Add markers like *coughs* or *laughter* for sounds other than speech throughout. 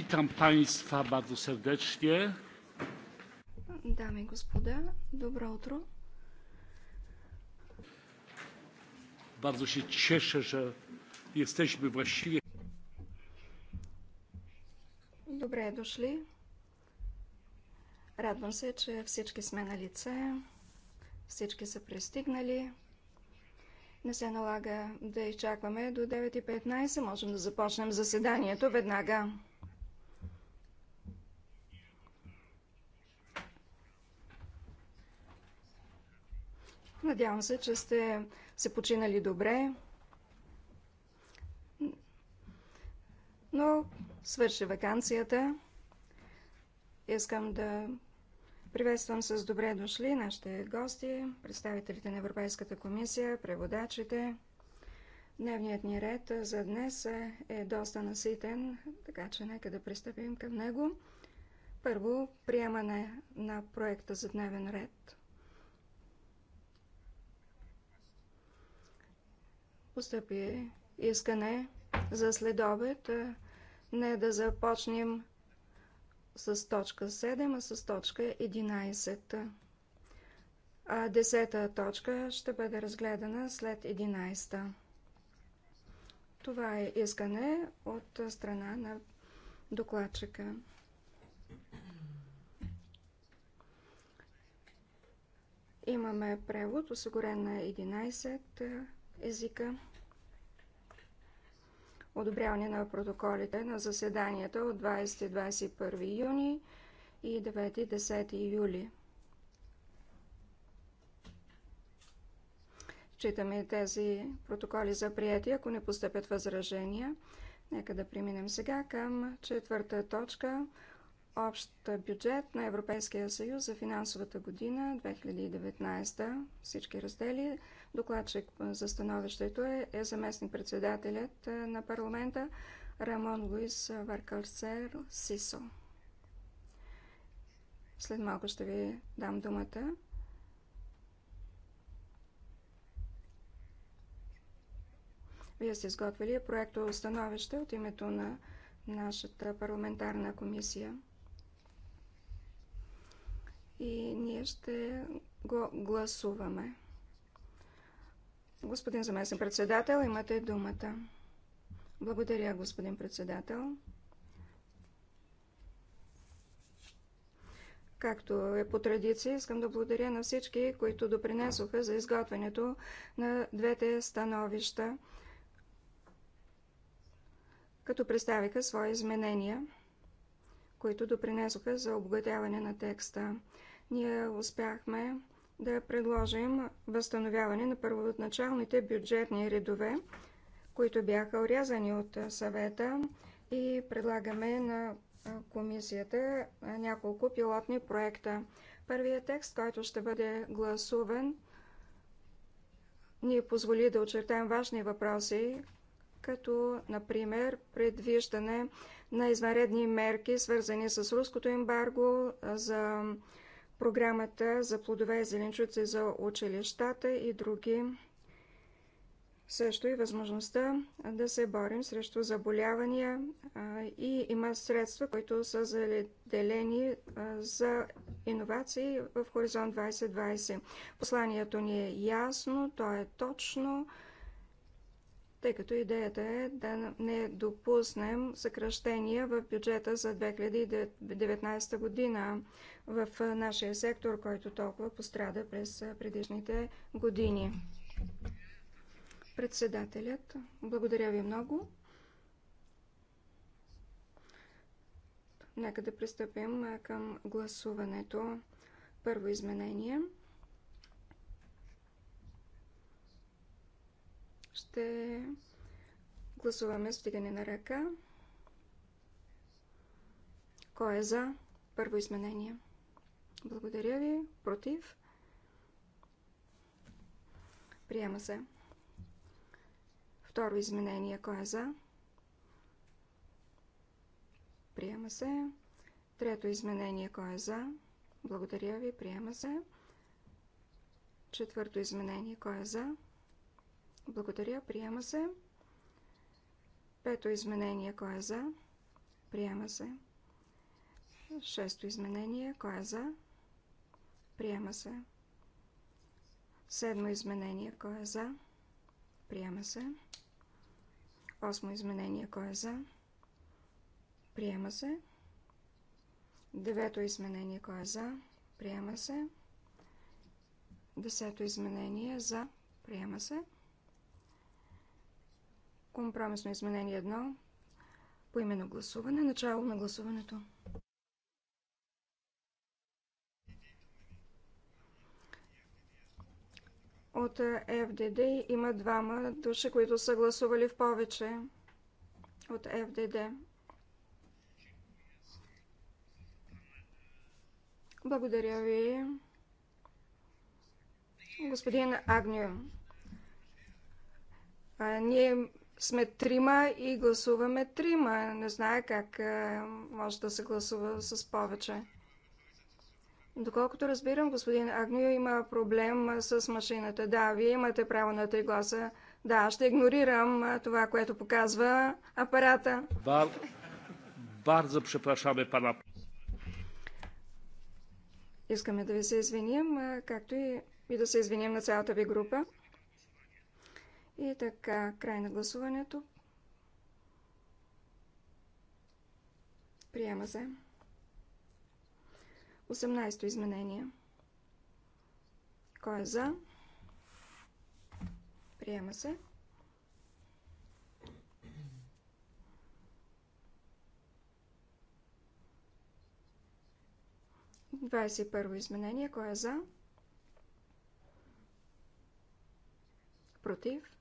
Witam Państwa bardzo serdecznie. Damy gospoda, dobro utro. Bardzo się cieszę, że jesteśmy właściwie. Dobre, doszli. Radwam się, że wszyscy jesteśmy na lice. Wszyscy się пристигнали. Не се налага да изчакваме до 9.15. Можем да започнем заседанието веднага. Надявам се, че сте се починали добре. Но свърши вакансията. Искам да приветствам с добре дошли нашите гости, представителите на Европейската комисия, преводачите. Дневният ни ред за днес е доста наситен, така че нека да пристъпим към него. Първо, приемане на проекта за дневен ред. постъпи искане за следобед не да започнем с точка 7, а с точка 11. А десета точка ще бъде разгледана след 11. Това е искане от страна на докладчика. Имаме превод, осигурен на 11 езика. Одобряване на протоколите на заседанията от 20-21 юни и 9-10 юли. Читаме тези протоколи за приятие, ако не постъпят възражения. Нека да преминем сега към четвърта точка общ бюджет на Европейския съюз за финансовата година 2019. Всички раздели. Докладчик за становището е, е заместник-председателят е, на парламента Рамон Луис Варкалсер Сисо. След малко ще ви дам думата. Вие сте изготвили проекто становище от името на нашата парламентарна комисия. И ние ще го гласуваме. Господин заместен председател, имате думата. Благодаря, господин председател. Както е по традиция, искам да благодаря на всички, които допринесоха за изготвянето на двете становища, като представиха свои изменения, които допринесоха за обогатяване на текста. Ние успяхме да предложим възстановяване на първоначалните бюджетни редове, които бяха урязани от съвета и предлагаме на комисията няколко пилотни проекта. Първият текст, който ще бъде гласуван, ни позволи да очертаем важни въпроси, като, например, предвиждане на извънредни мерки, свързани с руското ембарго за програмата за плодове и зеленчуци за училищата и други. Също и възможността да се борим срещу заболявания и има средства, които са заделени за иновации в Хоризонт 2020. Посланието ни е ясно, то е точно тъй като идеята е да не допуснем съкръщения в бюджета за 2019 година в нашия сектор, който толкова пострада през предишните години. Председателят, благодаря ви много. Нека да пристъпим към гласуването. Първо изменение – ще гласуваме с вдигане на ръка. Кой е за първо изменение? Благодаря ви. Против? Приема се. Второ изменение. Кой е за? Приема се. Трето изменение. Кой е за? Благодаря ви. Приема се. Четвърто изменение. Кой е за? Благодаря. Приема се. Пето изменение. Кой е за? Приема се. Шесто изменение. Кой е за? Приема се. Седмо изменение. Кой е за? Приема се. Осмо изменение. Кой е за? Приема се. Девето изменение. Кой е за? Приема се. Десето изменение. За? Приема се. Компромисно изменение 1. По именно гласуване. Начало на гласуването. От ФДД има двама души, които са гласували в повече от ФДД. Благодаря ви. Господин Агнио, ние сме трима и гласуваме трима. Не знае как е, може да се гласува с повече. Доколкото разбирам, господин Агнио има проблем е, с машината. Да, вие имате право на три гласа. Да, ще игнорирам е, това, което показва апарата. Бар... Bardzo przepraszamy Искаме да ви се извиним, както и, и да се извиним на цялата ви група. И така, край на гласуването. Приема се. 18-то изменение. Кой е за? Приема се. Двадесет първо изменение. Кой е за? Против?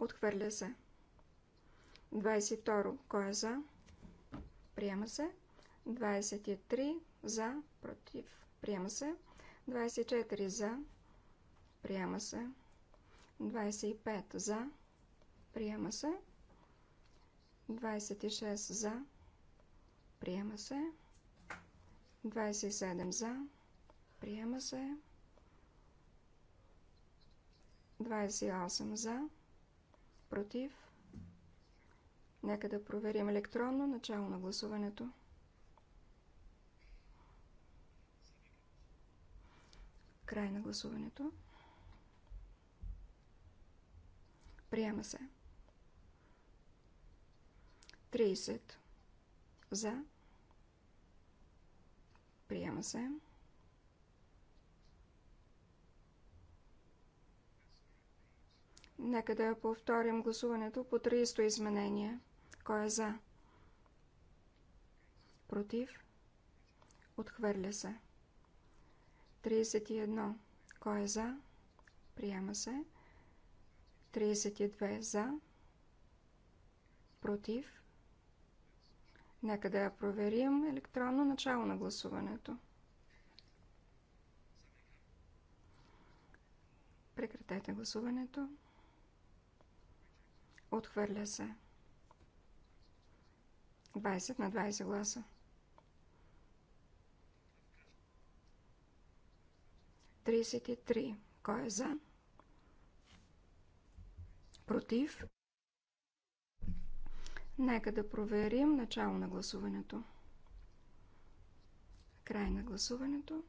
Отхвърля се. 22. Кой е за? Приема се. 23. За. Против. Приема се. 24. За. Приема се. 25. За. Приема се. 26. За. Приема се. 27. За. Приема се. 28. За против. Нека да проверим електронно начало на гласуването. Край на гласуването. Приема се. 30 за. Приема се. Нека да повторим гласуването по 30 изменение. Кой е за? Против? Отхвърля се. 31. Кой е за? Приема се. 32 за. Против. Нека да я проверим електронно начало на гласуването. Прекратете гласуването. Отхвърля се. 20 на 20 гласа. 33. Кой е за? Против? Нека да проверим начало на гласуването. Край на гласуването.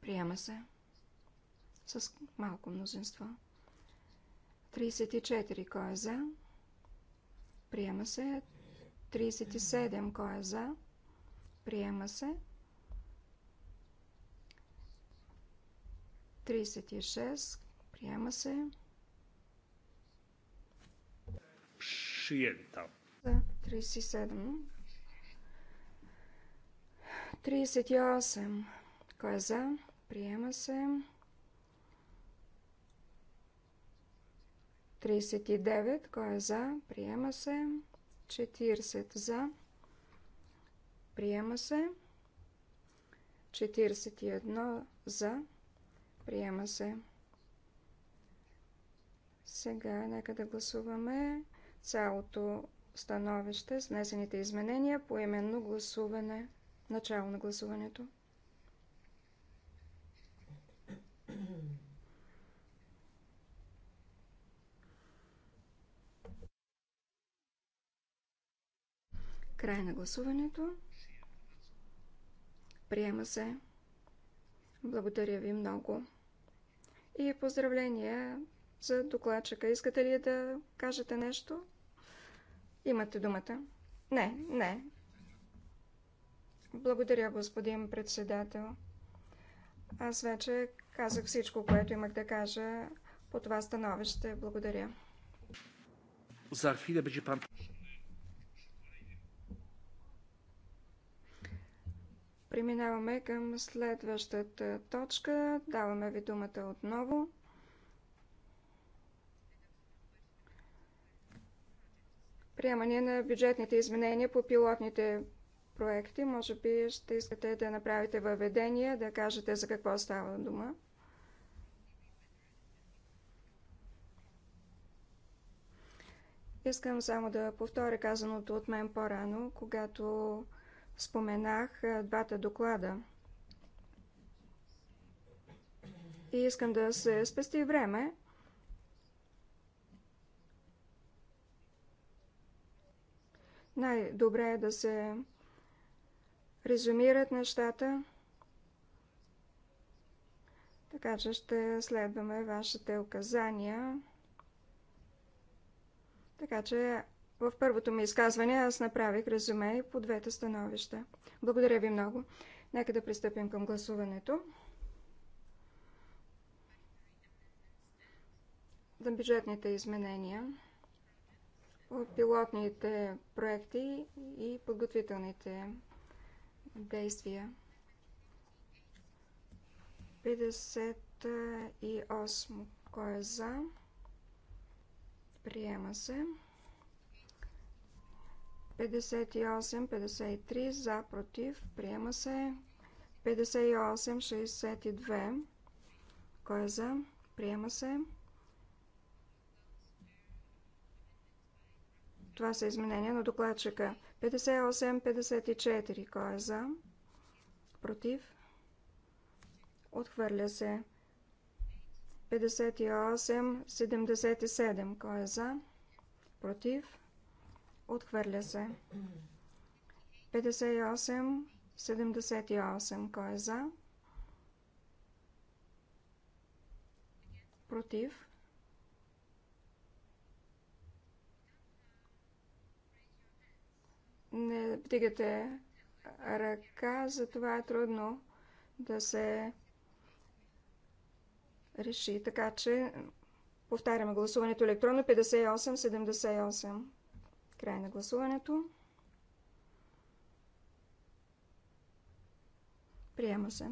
Приема се с малко мнозинство. 34. Кой е за? Приема се. 37. Кой е за? Приема се. 36. Приема се. Przyjęta. 37. 38. Кой е за? Приема се. 39. Кой е за? Приема се. 40 за. Приема се. 41 за. Приема се. Сега нека да гласуваме цялото становище с внесените изменения по именно гласуване. Начало на гласуването. Край на гласуването. Приема се. Благодаря ви много. И поздравления за докладчика. Искате ли да кажете нещо? Имате думата. Не, не. Благодаря, господин председател. Аз вече казах всичко, което имах да кажа по това становище. Благодаря. За хвиля беше пан Преминаваме към следващата точка. Даваме ви думата отново. Приемане на бюджетните изменения по пилотните проекти. Може би ще искате да направите въведение, да кажете за какво става дума. Искам само да повторя казаното от мен по-рано, когато споменах е, двата доклада. И искам да се спести време. Най-добре е да се резюмират нещата. Така че ще следваме вашите указания. Така че в първото ми изказване аз направих резюме по двете становища. Благодаря ви много. Нека да пристъпим към гласуването. За бюджетните изменения, пилотните проекти и подготвителните действия. 58. Кой е за? Приема се. 58-53 за, против, приема се. 58-62 кой е за, приема се. Това са изменения на докладчика. 58-54 кой е за, против, отхвърля се. 58-77 кой е за, против, Отхвърля се. 58, 78. Кой е за? Против. Не вдигате ръка, затова е трудно да се реши. Така че повтаряме гласуването електронно 58-78. Край на гласуването. Приема се.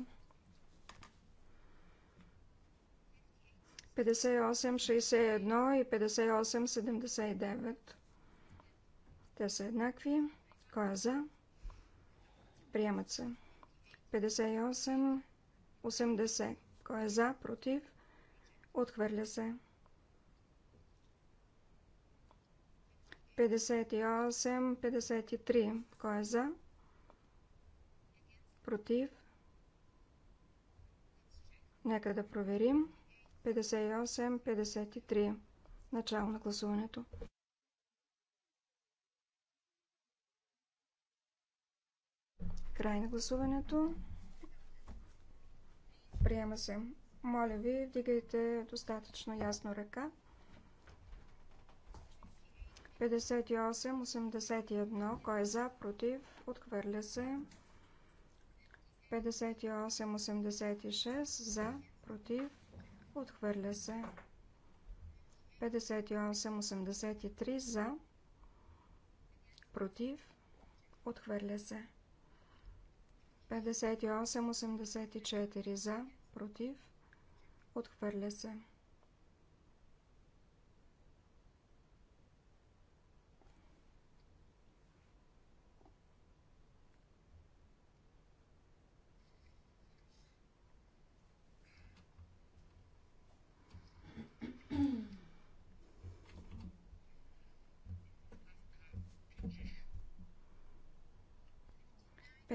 58-61 и 58-79. Те са еднакви. Кой е за? Приемат се. 58-80. Кой е за? Против? Отхвърля се. 58, 53. Кой е за? Против? Нека да проверим. 58, 53. Начало на гласуването. Край на гласуването. Приема се. Моля ви, вдигайте достатъчно ясно ръка. 58-81. Кой е за? Против? Отхвърля се. 58-86. За? Против? Отхвърля се. 58-83. За? Против? Отхвърля се. 58-84. За? Против? Отхвърля се.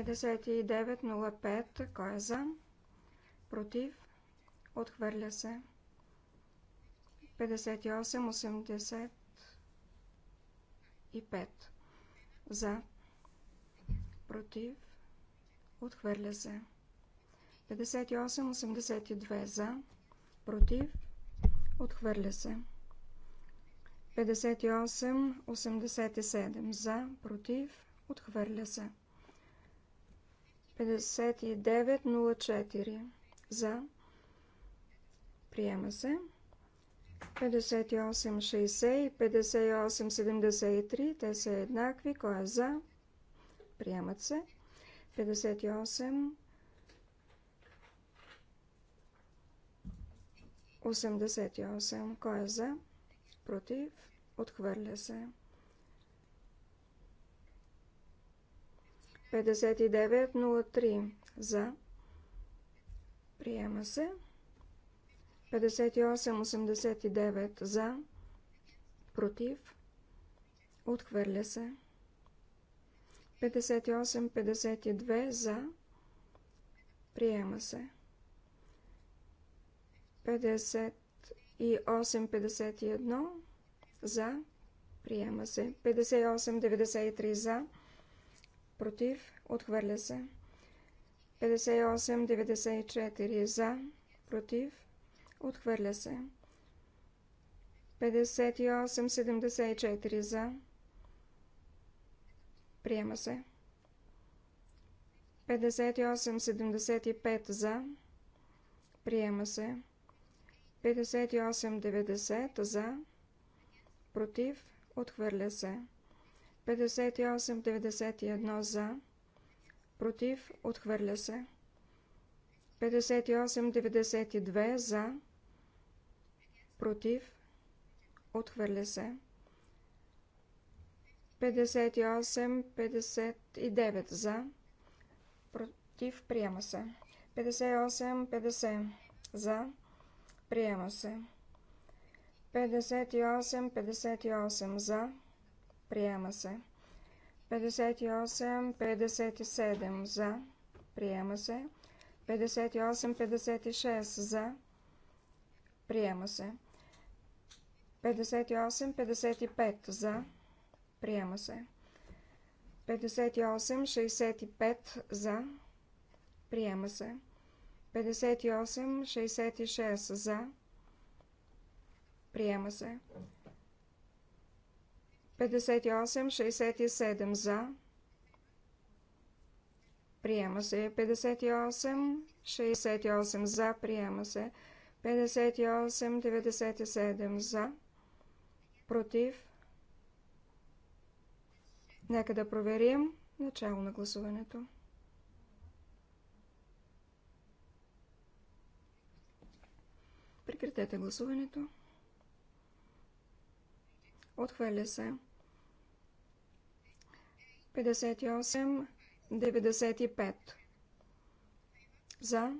5905. Кой е за? Против? Отхвърля се. 5885. За. Против? Отхвърля се. 5882. За. Против? Отхвърля се. 5887. За. Против? Отхвърля се. 5904 за. Приема се. 5860 и 5873, те са еднакви. Кой е за? Приемат се. 58 88. Кой е за? Против? Отхвърля се. 5903 за. Приема се. 5889 за. Против. Отхвърля се. 5852 за. Приема се. 5851 51 за. Приема се. 5893 за против, отхвърля се. 58-94 за, против, отхвърля се. 58-74 за, приема се. 58-75 за, приема се. 58-90 за, против, отхвърля се. 58-91 за, против, отхвърля се. 58-92 за, против, отхвърля се. 58-59 за, против, приема се. 58-50 за, приема се. 58-58 за, Приема се. 58, 57 за. Приема се. 58, 56 за. Приема се. 58, 55 за. Приема се. 58, 65 за. Приема се. 58, 66 за. Приема се. 58-67 за. Приема се 58-68 за. Приема се 58-97 за. Против. Нека да проверим начало на гласуването. Прекратете гласуването. Отхвърля се. 58, 95. За.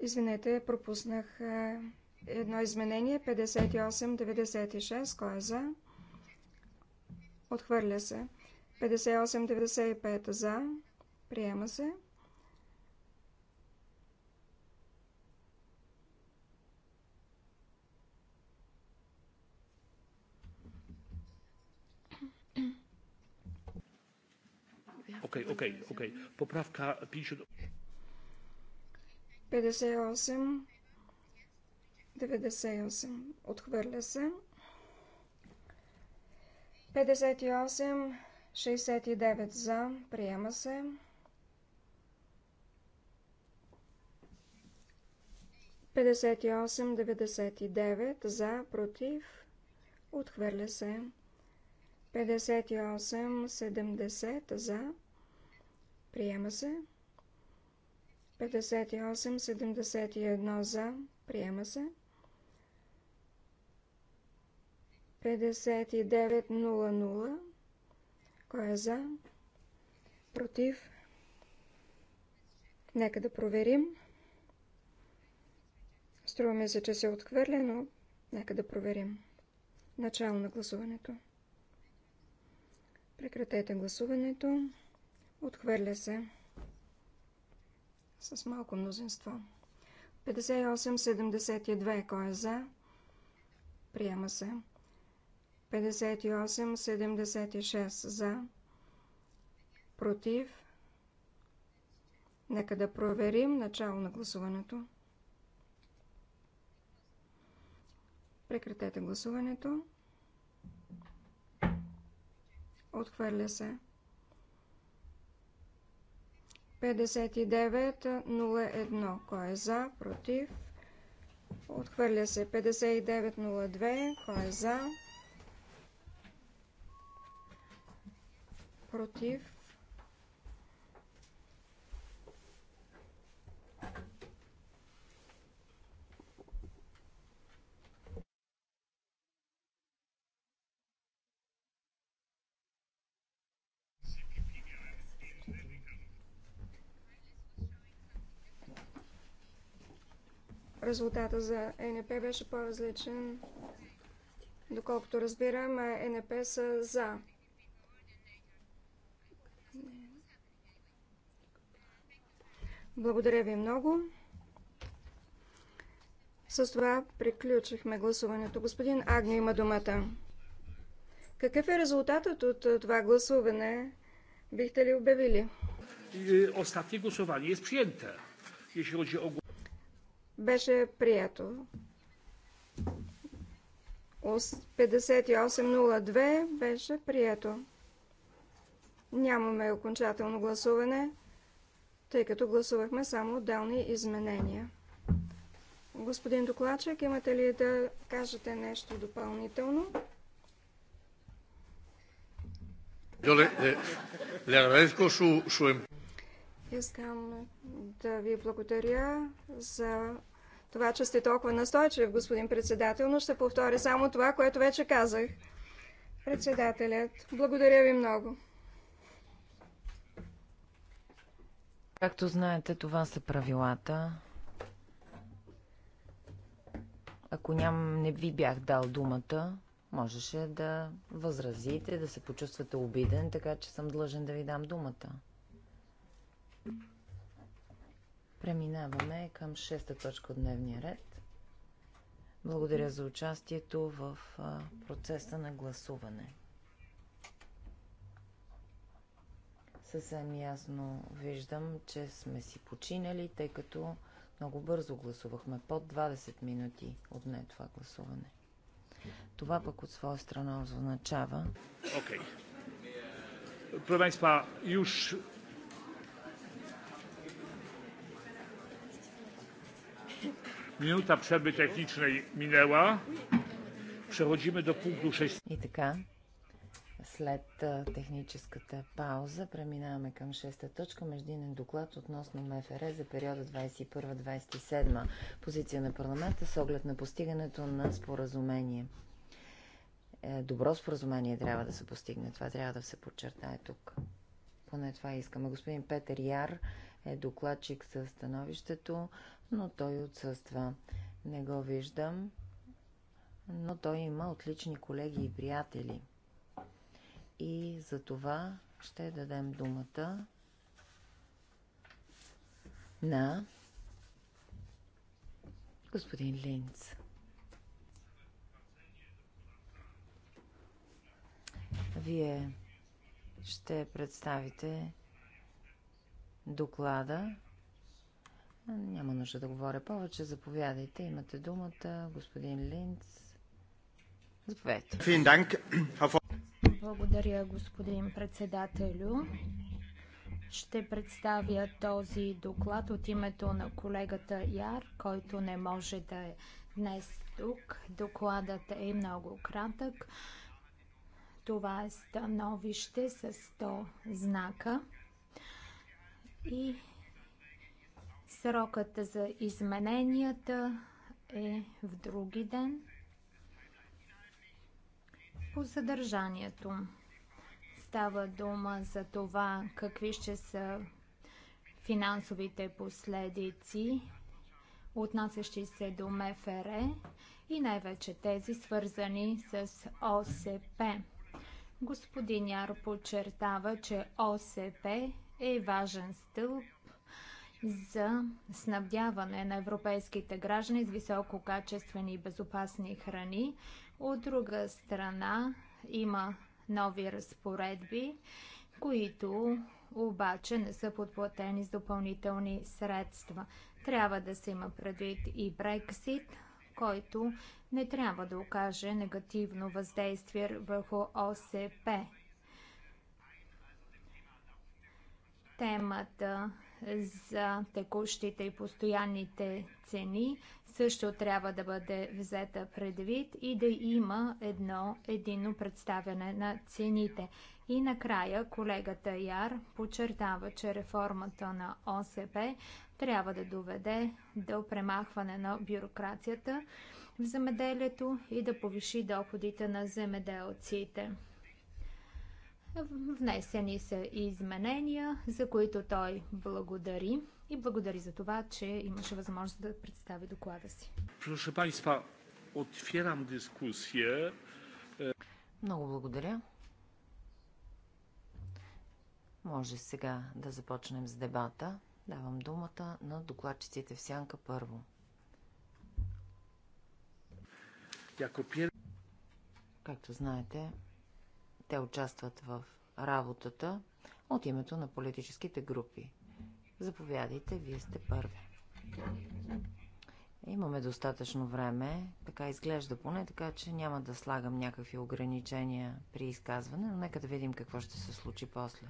Извинете, пропуснах е, едно изменение. 58-96. Кой е за? Отхвърля се. 58-95 за. Приема се. Окей, окей, окей. Поправка 50... 58, 98. Отхвърля се. 58, 69 за. Приема се. 58-99 за, против, отхвърля се. 58-70 за, Приема се. 58-71 за. Приема се. 59-00. Кой е за? Против. Нека да проверим. Струва ми се, че се отхвърля, но нека да проверим. Начало на гласуването. Прекратете гласуването. Отхвърля се с малко мнозинство. 58-72, кой е за? Приема се. 58-76 за. Против. Нека да проверим начало на гласуването. Прекратете гласуването. Отхвърля се. 5901. Кой е за? Против? Отхвърля се 5902. Кой е за? Против? резултата за ЕНП беше по-различен. Доколкото разбирам, ЕНП са за. Благодаря ви много. С това приключихме гласуването. Господин Агни има думата. Какъв е резултатът от е, това гласуване? Бихте ли обявили? Остатни гласувания е, е приемта беше прието. 5802 беше прието. Нямаме окончателно гласуване, тъй като гласувахме само отделни изменения. Господин докладчик, имате ли да кажете нещо допълнително? Yo le, le, le agradezco su, su... Искам да ви благодаря за това, че сте толкова настойчив, господин председател, но ще повторя само това, което вече казах. Председателят, благодаря ви много. Както знаете, това са правилата. Ако ням, не ви бях дал думата, можеше да възразите, да се почувствате обиден, така че съм длъжен да ви дам думата. Преминаваме към шеста точка от дневния ред. Благодаря за участието в процеса на гласуване. Съвсем ясно виждам, че сме си починали, тъй като много бързо гласувахме. Под 20 минути отне това гласуване. Това пък от своя страна означава... Okay. Минута przerwy technicznej minęła. Przechodzimy do punktu 6. И така, след техническата пауза преминаваме към шеста точка. Междинен доклад относно МФР за периода 21-27. Позиция на парламента с оглед на постигането на споразумение. Е, добро споразумение трябва да се постигне. Това трябва да се подчертае тук. Поне това искаме. Господин Петър Яр е докладчик със становището но той отсъства. Не го виждам, но той има отлични колеги и приятели. И за това ще дадем думата на господин Линц. Вие ще представите доклада няма нужда да говоря повече. Заповядайте, имате думата. Господин Линц. Заповядайте. Благодаря, господин председателю. Ще представя този доклад от името на колегата Яр, който не може да е днес тук. Докладът е много кратък. Това е становище с 100 знака. И Срокът за измененията е в други ден. По съдържанието става дума за това какви ще са финансовите последици, отнасящи се до МФР и най-вече тези свързани с ОСП. Господин Яр подчертава, че ОСП е важен стълб за снабдяване на европейските граждани с висококачествени и безопасни храни. От друга страна има нови разпоредби, които обаче не са подплатени с допълнителни средства. Трябва да се има предвид и Брексит, който не трябва да окаже негативно въздействие върху ОСП. Темата за текущите и постоянните цени също трябва да бъде взета предвид и да има едно единно представяне на цените. И накрая колегата Яр подчертава, че реформата на ОСП трябва да доведе до премахване на бюрокрацията в земеделието и да повиши доходите на земеделците. Внесени са и изменения, за които той благодари и благодари за това, че имаше възможност да представи доклада си. Proszę Państwa, Много благодаря. Може сега да започнем с дебата. Давам думата на докладчиците в сянка първо. Както знаете, те участват в работата от името на политическите групи. Заповядайте, вие сте първи. Имаме достатъчно време, така изглежда поне, така че няма да слагам някакви ограничения при изказване, но нека да видим какво ще се случи после.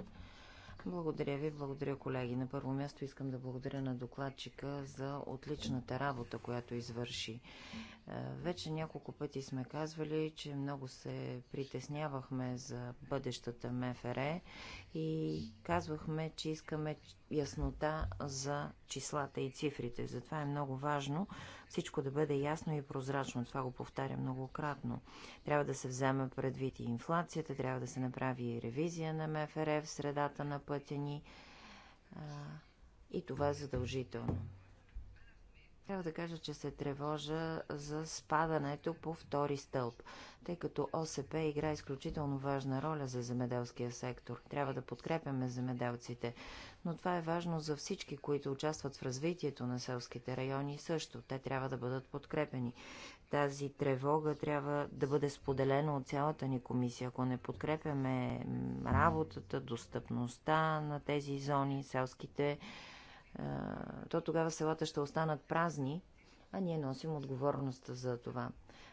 Благодаря ви, благодаря колеги. На първо място искам да благодаря на докладчика за отличната работа, която извърши. Е, вече няколко пъти сме казвали, че много се притеснявахме за бъдещата МФР е и казвахме, че искаме яснота за числата и цифрите. Затова е много важно всичко да бъде ясно и прозрачно. Това го повтаря многократно. Трябва да се вземе предвид и инфлацията, трябва да се направи и ревизия на МФР в средата на пътя ни. и това е задължително. Трябва да кажа, че се тревожа за спадането по втори стълб, тъй като ОСП игра изключително важна роля за земеделския сектор. Трябва да подкрепяме земеделците, но това е важно за всички, които участват в развитието на селските райони също. Те трябва да бъдат подкрепени. Тази тревога трябва да бъде споделена от цялата ни комисия. Ако не подкрепяме работата, достъпността на тези зони, селските, е, то тогава селата ще останат празни, а ние носим отговорността за това.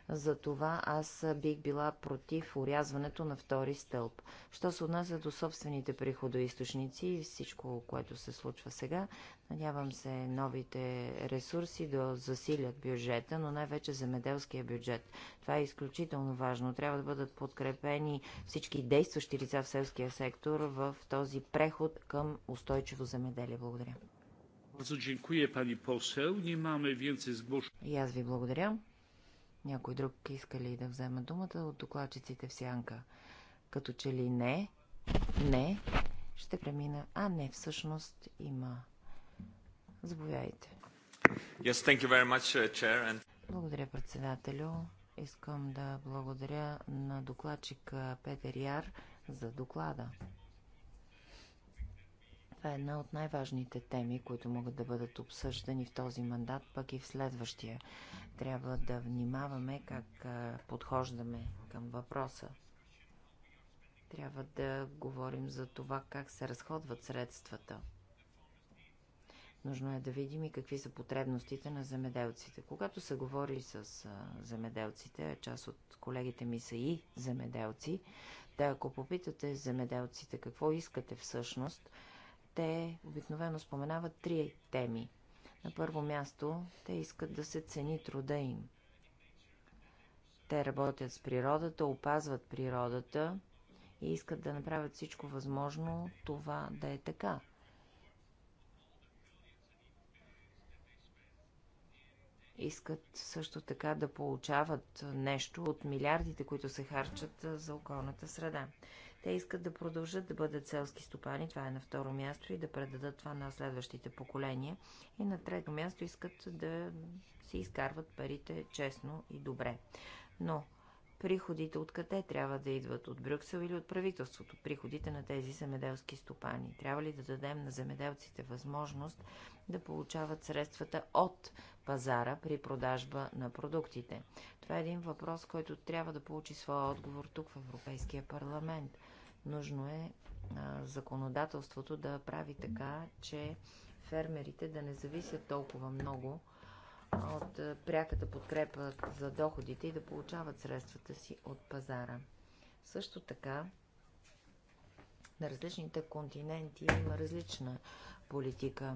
Затова аз бих била против урязването на втори стълб. Що се отнася до собствените приходоисточници и всичко, което се случва сега, надявам се новите ресурси да засилят бюджета, но най-вече земеделския бюджет. Това е изключително важно. Трябва да бъдат подкрепени всички действащи лица в селския сектор в този преход към устойчиво земеделие. Благодаря. Bardzo dziękuję pani poseł. Nie mamy więcej zgłoszeń. Ja благодаря. Някой друг иска ли да вземе думата от докладчиците в сянка? Като че ли не? Не. Ще премина. А, не, всъщност има. Заповядайте. Yes, thank you very much, uh, chair, and... Благодаря, председателю. Искам да благодаря на докладчика Петер Яр за доклада. Това е една от най-важните теми, които могат да бъдат обсъждани в този мандат, пък и в следващия. Трябва да внимаваме как подхождаме към въпроса. Трябва да говорим за това как се разходват средствата. Нужно е да видим и какви са потребностите на земеделците. Когато се говори с земеделците, част от колегите ми са и земеделци, да ако попитате земеделците какво искате всъщност – те обикновено споменават три теми. На първо място, те искат да се цени труда им. Те работят с природата, опазват природата и искат да направят всичко възможно това да е така. Искат също така да получават нещо от милиардите, които се харчат за околната среда. Те искат да продължат да бъдат селски стопани, това е на второ място, и да предадат това на следващите поколения. И на трето място искат да си изкарват парите честно и добре. Но приходите от къде трябва да идват? От Брюксел или от правителството? Приходите на тези земеделски стопани. Трябва ли да дадем на земеделците възможност да получават средствата от пазара при продажба на продуктите? Това е един въпрос, който трябва да получи своя отговор тук в Европейския парламент – Нужно е а, законодателството да прави така, че фермерите да не зависят толкова много от пряката подкрепа за доходите и да получават средствата си от пазара. Също така, на различните континенти има различна политика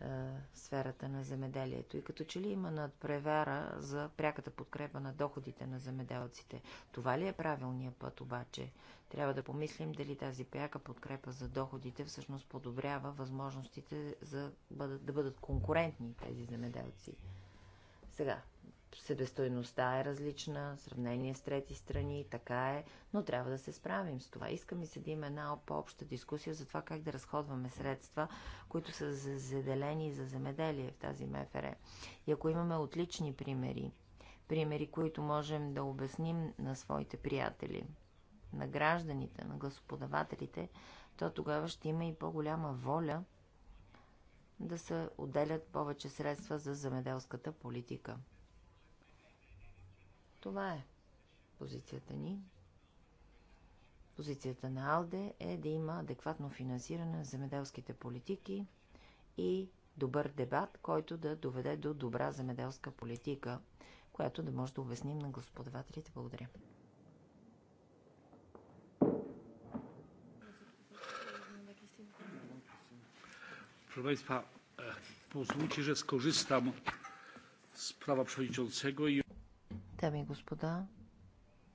в сферата на земеделието. И като че ли има надпревара за пряката подкрепа на доходите на земеделците? Това ли е правилният път обаче? Трябва да помислим дали тази пряка подкрепа за доходите всъщност подобрява възможностите за бъдат, да бъдат конкурентни тези земеделци. Сега, себестойността е различна, сравнение с трети страни, така е, но трябва да се справим с това. Искам и се да има една по-обща дискусия за това как да разходваме средства, които са заделени за земеделие в тази МФР. И ако имаме отлични примери, примери, които можем да обясним на своите приятели – на гражданите, на гласоподавателите, то тогава ще има и по-голяма воля да се отделят повече средства за замеделската политика. Това е позицията ни. Позицията на АЛДЕ е да има адекватно финансиране на земеделските политики и добър дебат, който да доведе до добра земеделска политика, която да може да обясним на господавателите. Благодаря. Proszę Państwa, e, pozwólcie, że skorzystam z prawa przewodniczącego i... Дами и господа,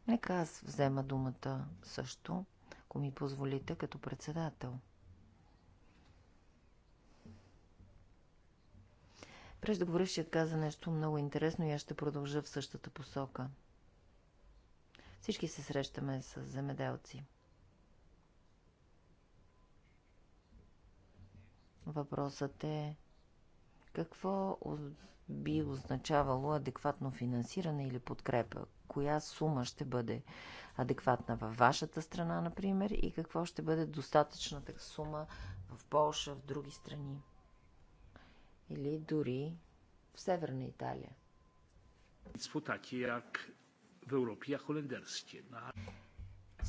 нека аз взема думата също, ако ми позволите, като председател. Преждеговорившият каза нещо много интересно и аз ще продължа в същата посока. Всички се срещаме с земеделци. Въпросът е какво би означавало адекватно финансиране или подкрепа? Коя сума ще бъде адекватна във вашата страна, например, и какво ще бъде достатъчната сума в Полша, в други страни? Или дори в Северна Италия?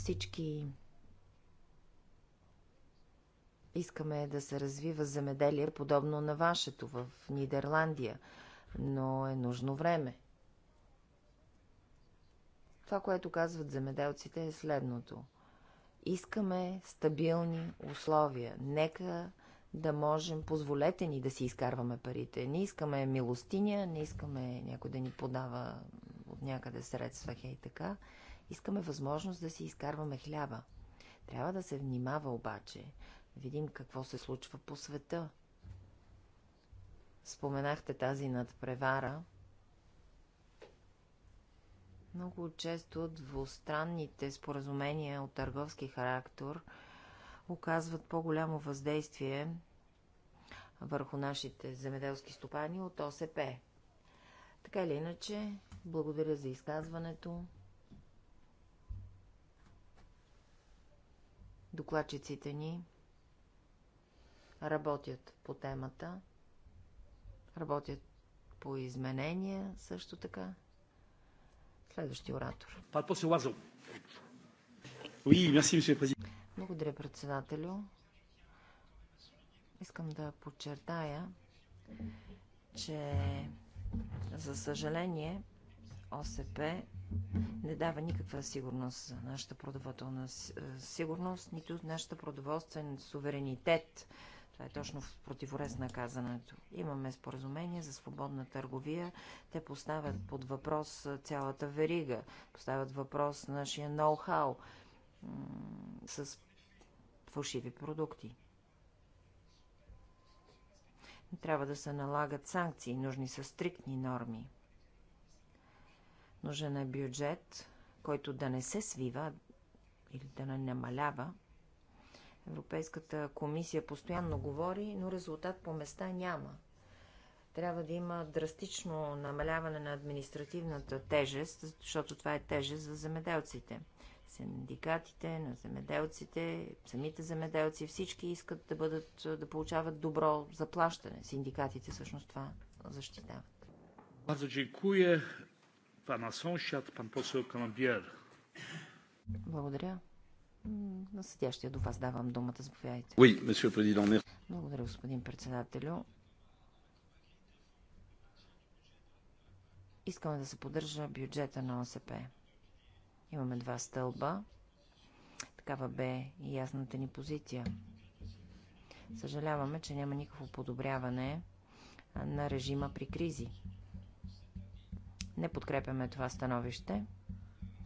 Всички Искаме да се развива земеделие, подобно на вашето в Нидерландия, но е нужно време. Това, което казват земеделците е следното. Искаме стабилни условия. Нека да можем, позволете ни да си изкарваме парите. Не искаме милостиня, не искаме някой да ни подава от някъде средства, хей така. Искаме възможност да си изкарваме хляба. Трябва да се внимава обаче, видим какво се случва по света. Споменахте тази надпревара. Много често двустранните споразумения от търговски характер оказват по-голямо въздействие върху нашите земеделски стопани от ОСП. Така или иначе, благодаря за изказването. Докладчиците ни работят по темата, работят по изменения също така. Следващия оратор. Благодаря, председателю. Искам да подчертая, че за съжаление ОСП не дава никаква сигурност за нашата продоволствена е, сигурност, нито нашата продоволствен суверенитет това е точно в противорез на казането. Имаме споразумение за свободна търговия. Те поставят под въпрос цялата верига, поставят въпрос нашия ноу-хау с фалшиви продукти. Трябва да се налагат санкции, нужни са стриктни норми. Нужен е бюджет, който да не се свива или да не намалява, Европейската комисия постоянно говори, но резултат по места няма. Трябва да има драстично намаляване на административната тежест, защото това е тежест за земеделците. Синдикатите на земеделците, самите земеделци, всички искат да, бъдат, да получават добро заплащане. Синдикатите всъщност това защитават. Bardzo dziękuję. Благодаря. На съдящия до вас давам думата. Заповядайте. Oui, Благодаря, господин председателю. Искаме да се поддържа бюджета на ОСП. Имаме два стълба. Такава бе и ясната ни позиция. Съжаляваме, че няма никакво подобряване на режима при кризи. Не подкрепяме това становище.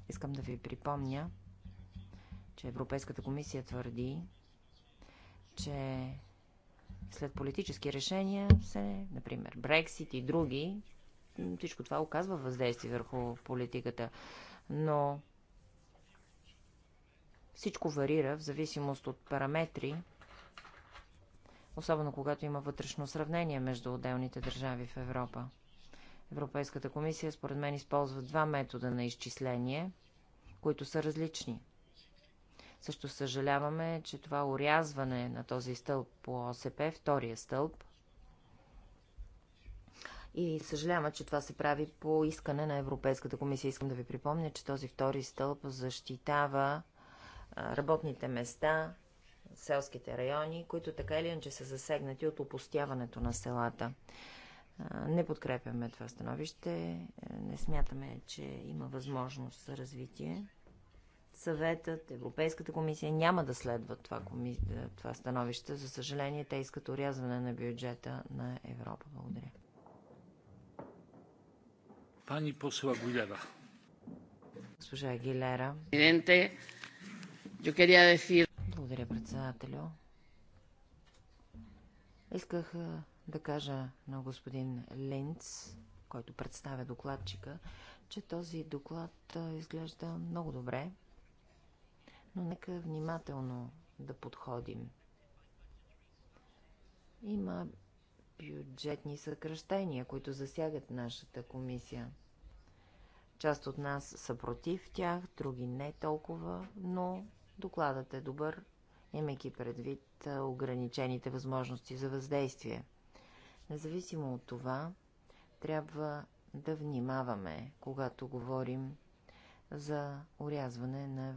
Искам да ви припомня, че Европейската комисия твърди, че след политически решения се, например, Брексит и други, всичко това оказва въздействие върху политиката. Но всичко варира в зависимост от параметри, особено когато има вътрешно сравнение между отделните държави в Европа. Европейската комисия, според мен, използва два метода на изчисление, които са различни. Също съжаляваме, че това урязване на този стълб по ОСП, втория стълб, и съжалявам, че това се прави по искане на Европейската комисия. Искам да ви припомня, че този втори стълб защитава работните места, селските райони, които така или иначе са засегнати от опустяването на селата. Не подкрепяме това становище. Е, не смятаме, че има възможност за развитие съветът, Европейската комисия няма да следват това, коми... това становище. За съжаление, те искат урязване на бюджета на Европа. Благодаря. Пани посла Гилера. Госпожа Гилера. Благодаря, председателю. Исках да кажа на господин Линц, който представя докладчика, че този доклад изглежда много добре но нека внимателно да подходим. Има бюджетни съкръщения, които засягат нашата комисия. Част от нас са против тях, други не толкова, но докладът е добър, имайки предвид ограничените възможности за въздействие. Независимо от това, трябва да внимаваме, когато говорим за урязване на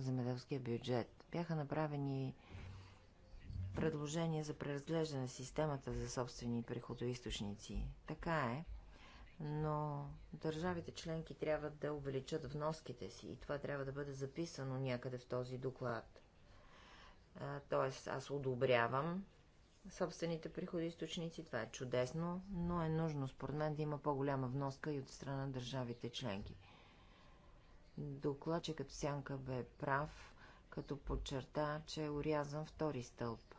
земеделския бюджет. Бяха направени предложения за преразглеждане на системата за собствени приходоисточници. Така е, но държавите членки трябва да увеличат вноските си и това трябва да бъде записано някъде в този доклад. Тоест, аз одобрявам собствените приходоисточници, това е чудесно, но е нужно според мен да има по-голяма вноска и от страна на държавите членки – като Сянка бе прав, като подчерта, че е урязан втори стълб.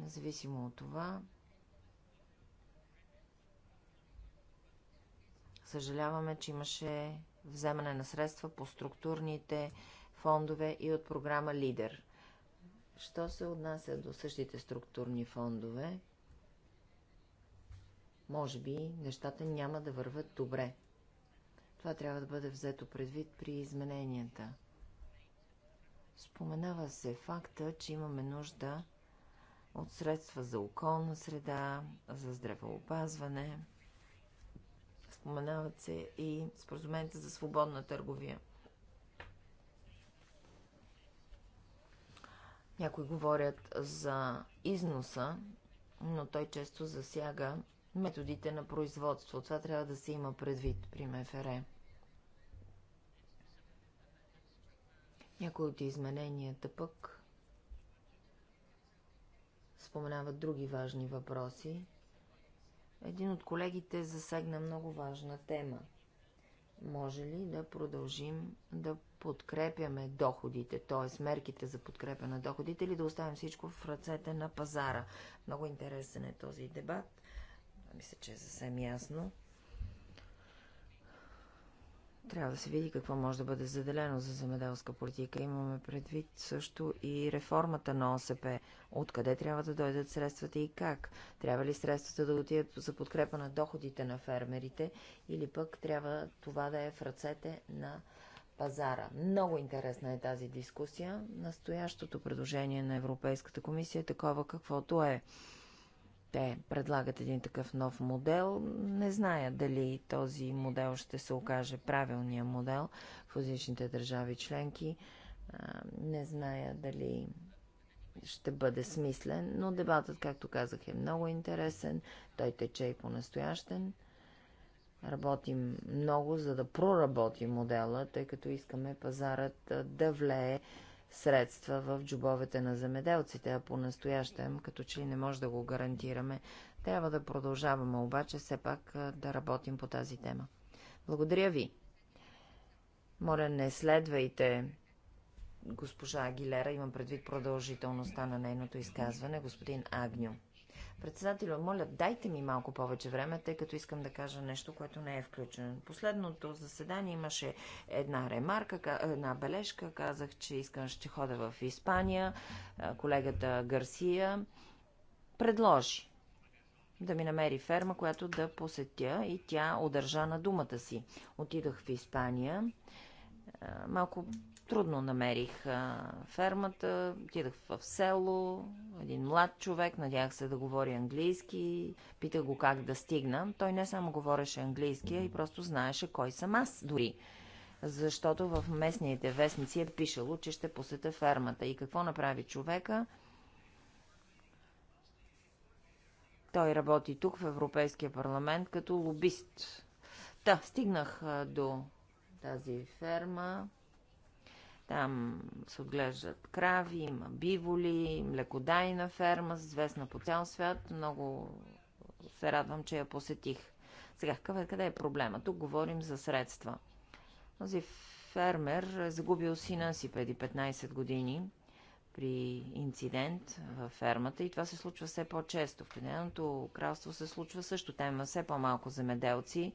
Независимо от това, съжаляваме, че имаше вземане на средства по структурните фондове и от програма Лидер. Що се отнася до същите структурни фондове, може би нещата няма да върват добре. Това трябва да бъде взето предвид при измененията. Споменава се факта, че имаме нужда от средства за околна среда, за здравеопазване. Споменават се и споразумените за свободна търговия. Някои говорят за износа, но той често засяга методите на производство. Това трябва да се има предвид при МФР. Някои от измененията пък споменават други важни въпроси. Един от колегите засегна много важна тема. Може ли да продължим да подкрепяме доходите, т.е. мерките за подкрепа на доходите или да оставим всичко в ръцете на пазара? Много интересен е този дебат. Мисля, че е съвсем ясно. Трябва да се види какво може да бъде заделено за земеделска политика. Имаме предвид също и реформата на ОСП. Откъде трябва да дойдат средствата и как? Трябва ли средствата да отидат за подкрепа на доходите на фермерите или пък трябва това да е в ръцете на пазара. Много интересна е тази дискусия. Настоящото предложение на Европейската комисия е такова каквото е те предлагат един такъв нов модел. Не зная дали този модел ще се окаже правилния модел в различните държави членки. Не зная дали ще бъде смислен, но дебатът, както казах, е много интересен. Той тече и по-настоящен. Работим много, за да проработи модела, тъй като искаме пазарът да влее средства в джобовете на земеделците, а по-настоящем, като че ли не може да го гарантираме. Трябва да продължаваме обаче все пак да работим по тази тема. Благодаря ви. Моля, не следвайте госпожа Агилера, имам предвид продължителността на нейното изказване, господин Агню. Председателю, моля, дайте ми малко повече време, тъй като искам да кажа нещо, което не е включено. Последното заседание имаше една ремарка, една бележка. Казах, че искам ще хода в Испания. Колегата Гарсия предложи да ми намери ферма, която да посетя и тя удържа на думата си. Отидох в Испания. Малко Трудно намерих а, фермата, отидах в село, един млад човек, надях се да говори английски, питах го как да стигна. Той не само говореше английски, а и просто знаеше кой съм аз дори. Защото в местните вестници е пишело, че ще посета фермата. И какво направи човека? Той работи тук в Европейския парламент като лобист. Та, да, стигнах а, до тази ферма там се отглеждат крави, има биволи, млекодайна ферма, известна по цял свят. Много се радвам, че я посетих. Сега, е, къде е проблема? Тук говорим за средства. Този фермер е загубил сина си преди 15 години при инцидент във фермата и това се случва все по-често. В Обединеното кралство се случва също. Там има все по-малко земеделци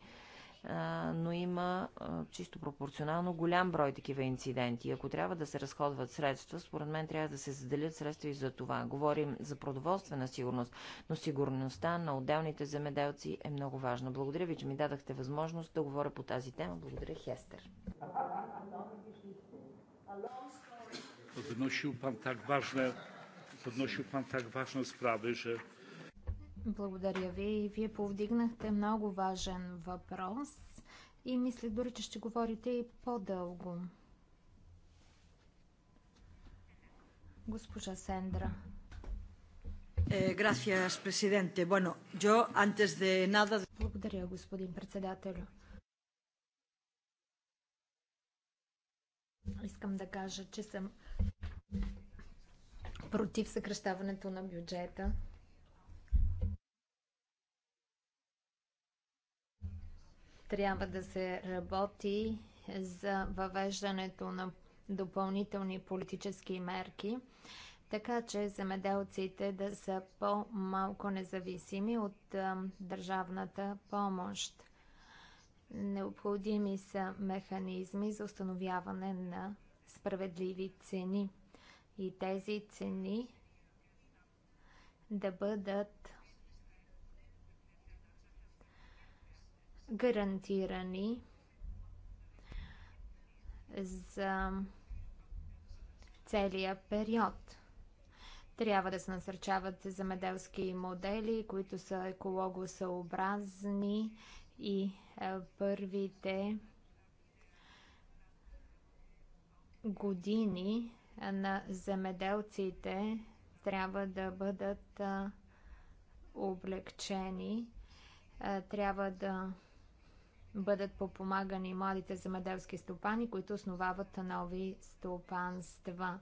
но има чисто пропорционално голям брой такива инциденти. Ако трябва да се разходват средства, според мен трябва да се заделят средства и за това. Говорим за продоволствена сигурност, но сигурността на отделните земеделци е много важна. Благодаря ви, че ми дадахте възможност да говоря по тази тема. Благодаря, Хестер. Podnosił pan tak ważne, podnosił pan tak ważne sprawy, że благодаря ви. Вие повдигнахте много важен въпрос и мисля дори, че ще говорите и по-дълго. Госпожа Сендра. gracias, е, presidente. Bueno, yo antes de nada... Благодаря, господин председател. Искам да кажа, че съм против съкръщаването на бюджета. Трябва да се работи за въвеждането на допълнителни политически мерки, така че земеделците да са по-малко независими от държавната помощ. Необходими са механизми за установяване на справедливи цени и тези цени да бъдат гарантирани за целия период. Трябва да се насърчават замеделски модели, които са екологосъобразни и е, първите години е, на земеделците трябва да бъдат е, облегчени. Трябва да бъдат подпомагани младите земеделски стопани, които основават нови стопанства.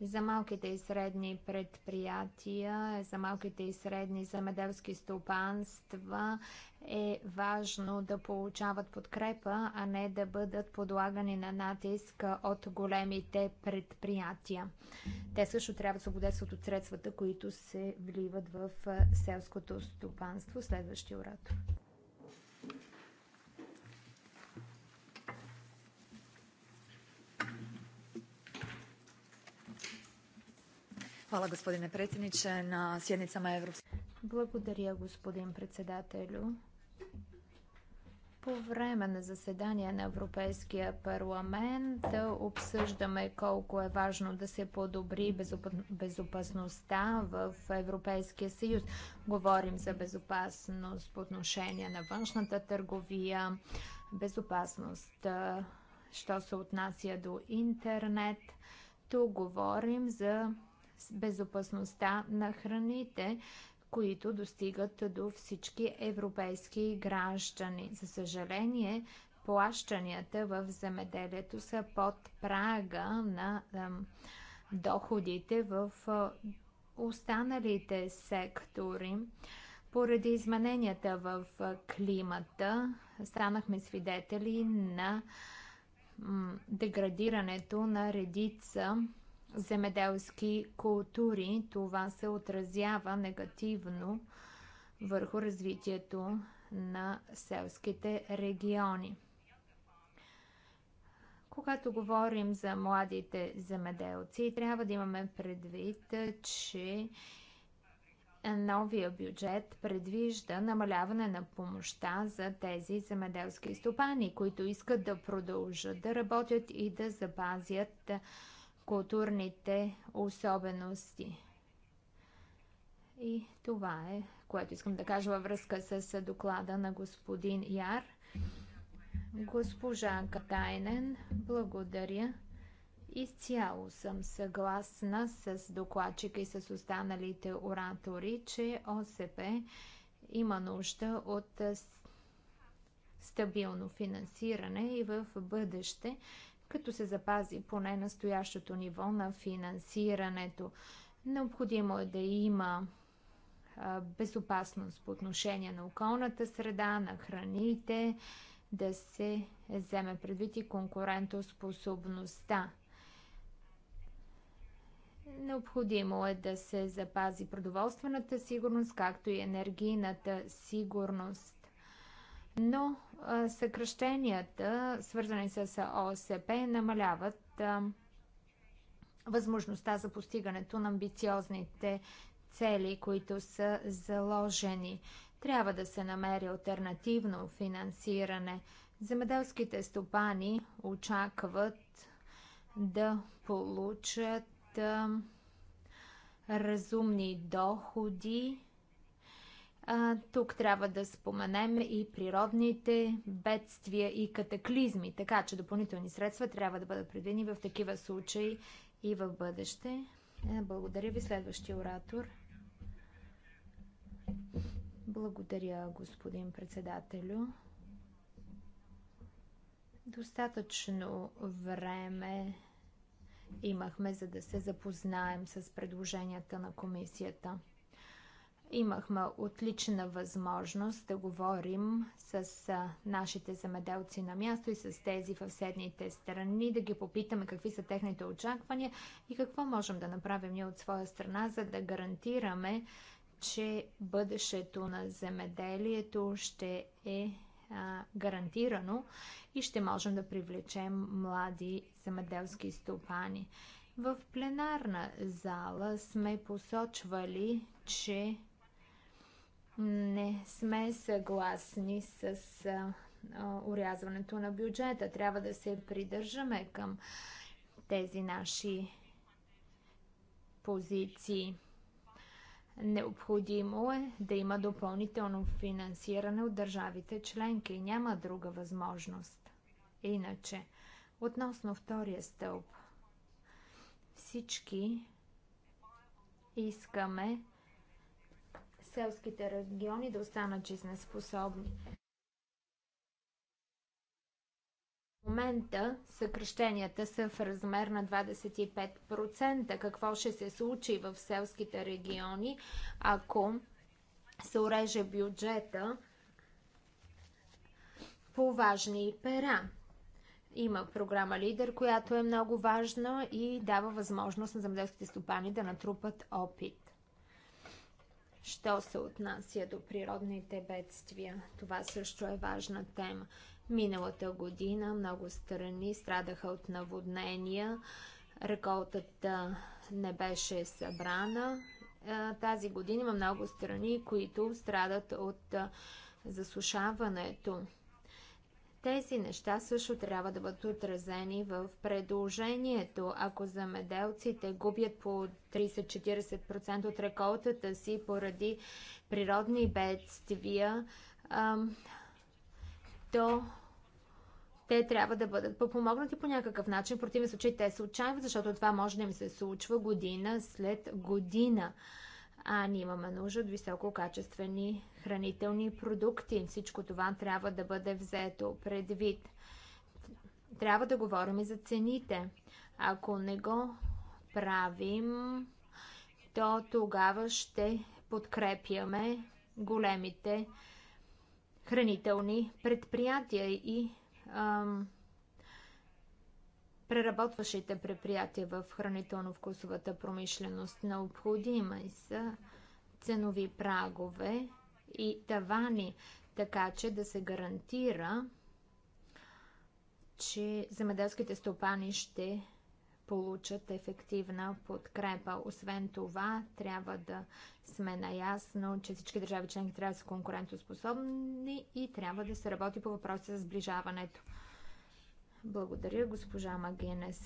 За малките и средни предприятия, за малките и средни земеделски стопанства е важно да получават подкрепа, а не да бъдат подлагани на натиск от големите предприятия. Те също трябва да се от средствата, които се вливат в селското стопанство. Следващия оратор. Hvala gospodine predsjedniče na sjednicama Evropske... Благодаря господин председателю. По време на заседание на Европейския парламент обсъждаме колко е важно да се подобри безопасността в Европейския съюз. Говорим за безопасност по отношение на външната търговия, безопасност, що се отнася до интернет. Тук говорим за безопасността на храните, които достигат до всички европейски граждани. За съжаление, плащанията в земеделието са под прага на ем, доходите в останалите сектори. Поради измененията в климата станахме свидетели на деградирането на редица земеделски култури. Това се отразява негативно върху развитието на селските региони. Когато говорим за младите земеделци, трябва да имаме предвид, че новия бюджет предвижда намаляване на помощта за тези земеделски стопани, които искат да продължат да работят и да запазят културните особености. И това е, което искам да кажа във връзка с доклада на господин Яр. Госпожа Катайнен, благодаря. Изцяло съм съгласна с докладчика и с останалите оратори, че ОСП има нужда от стабилно финансиране и в бъдеще като се запази поне настоящото ниво на финансирането. Необходимо е да има безопасност по отношение на околната среда, на храните, да се вземе предвид и конкурентоспособността. Необходимо е да се запази продоволствената сигурност, както и енергийната сигурност. Но съкръщенията, свързани с ОСП, намаляват възможността за постигането на амбициозните цели, които са заложени. Трябва да се намери альтернативно финансиране. Земеделските стопани очакват да получат разумни доходи а, тук трябва да споменем и природните бедствия и катаклизми, така че допълнителни средства трябва да бъдат предвидени в такива случаи и в бъдеще. Е, благодаря ви, следващия оратор. Благодаря, господин председателю. Достатъчно време имахме, за да се запознаем с предложенията на комисията. Имахме отлична възможност да говорим с нашите замеделци на място и с тези в съседните страни, да ги попитаме какви са техните очаквания и какво можем да направим ние от своя страна, за да гарантираме, че бъдещето на земеделието ще е а, гарантирано и ще можем да привлечем млади земеделски стопани. В пленарна зала сме посочвали, че не сме съгласни с урязването на бюджета. Трябва да се придържаме към тези наши позиции. Необходимо е да има допълнително финансиране от държавите членки. Няма друга възможност. Иначе, относно втория стълб, всички искаме селските региони да останат жизнеспособни. В момента съкръщенията са в размер на 25%. Какво ще се случи в селските региони, ако се уреже бюджета по важни пера? Има програма Лидер, която е много важна и дава възможност на земеделските стопани да натрупат опит. Що се отнася до природните бедствия, това също е важна тема. Миналата година много страни страдаха от наводнения, реколтата не беше събрана. Тази година има много страни, които страдат от засушаването. Тези неща също трябва да бъдат отразени в предложението. Ако замеделците губят по 30-40% от реколтата си поради природни бедствия, то те трябва да бъдат подпомогнати по някакъв начин. В противен случай те се отчаиват, защото това може да им се случва година след година а ние имаме нужда от висококачествени хранителни продукти. Всичко това трябва да бъде взето предвид. Трябва да говорим и за цените. Ако не го правим, то тогава ще подкрепяме големите хранителни предприятия и ам, преработващите предприятия в хранително-вкусовата промишленост. Необходими са ценови прагове и тавани, така че да се гарантира, че земеделските стопани ще получат ефективна подкрепа. Освен това, трябва да сме наясно, че всички държави членки трябва да са конкурентоспособни и трябва да се работи по въпроса за сближаването. Благодаря, госпожа Магинес.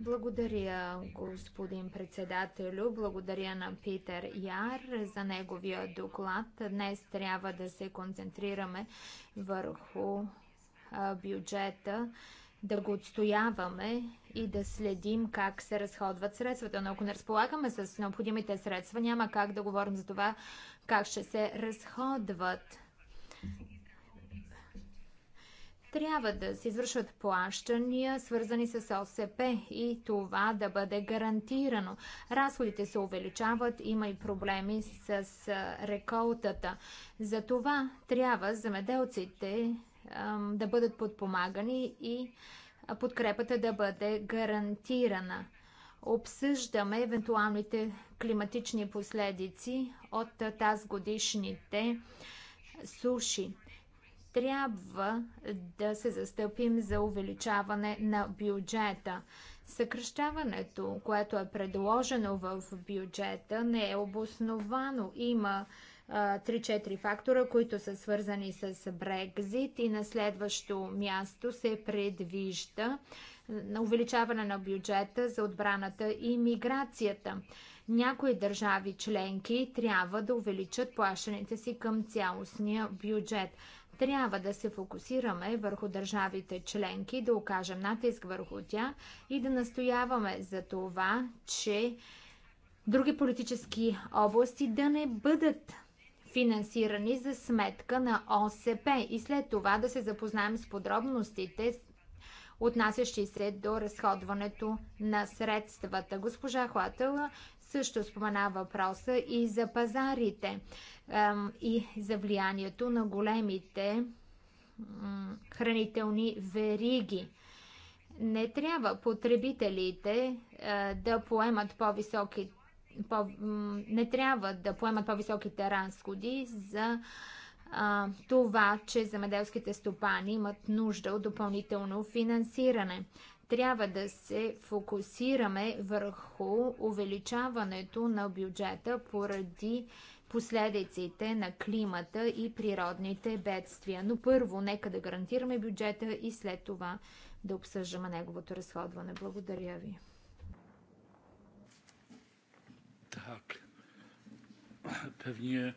Благодаря, господин председателю. Благодаря на Питер Яр за неговия доклад. Днес трябва да се концентрираме върху бюджета, да го отстояваме и да следим как се разходват средствата. Но ако не разполагаме с необходимите средства, няма как да говорим за това как ще се разходват. Трябва да се извършват плащания, свързани с ОСП и това да бъде гарантирано. Разходите се увеличават, има и проблеми с реколтата. За това трябва замеделците да бъдат подпомагани и подкрепата да бъде гарантирана. Обсъждаме евентуалните климатични последици от тази годишните суши трябва да се застъпим за увеличаване на бюджета. Съкръщаването, което е предложено в бюджета, не е обосновано. Има 3-4 фактора, които са свързани с Брекзит и на следващо място се предвижда на увеличаване на бюджета за отбраната и миграцията. Някои държави членки трябва да увеличат плащаните си към цялостния бюджет. Трябва да се фокусираме върху държавите членки, да окажем натиск върху тях и да настояваме за това, че други политически области да не бъдат финансирани за сметка на ОСП и след това да се запознаем с подробностите, отнасящи се до разходването на средствата. Госпожа Хлатела също спомена въпроса и за пазарите и за влиянието на големите хранителни вериги. Не трябва потребителите да поемат по-високи по, не трябва да поемат по-високите разходи за а, това, че земеделските стопани имат нужда от допълнително финансиране трябва да се фокусираме върху увеличаването на бюджета поради последиците на климата и природните бедствия. Но първо, нека да гарантираме бюджета и след това да обсъждаме неговото разходване. Благодаря ви. Так. Pewnie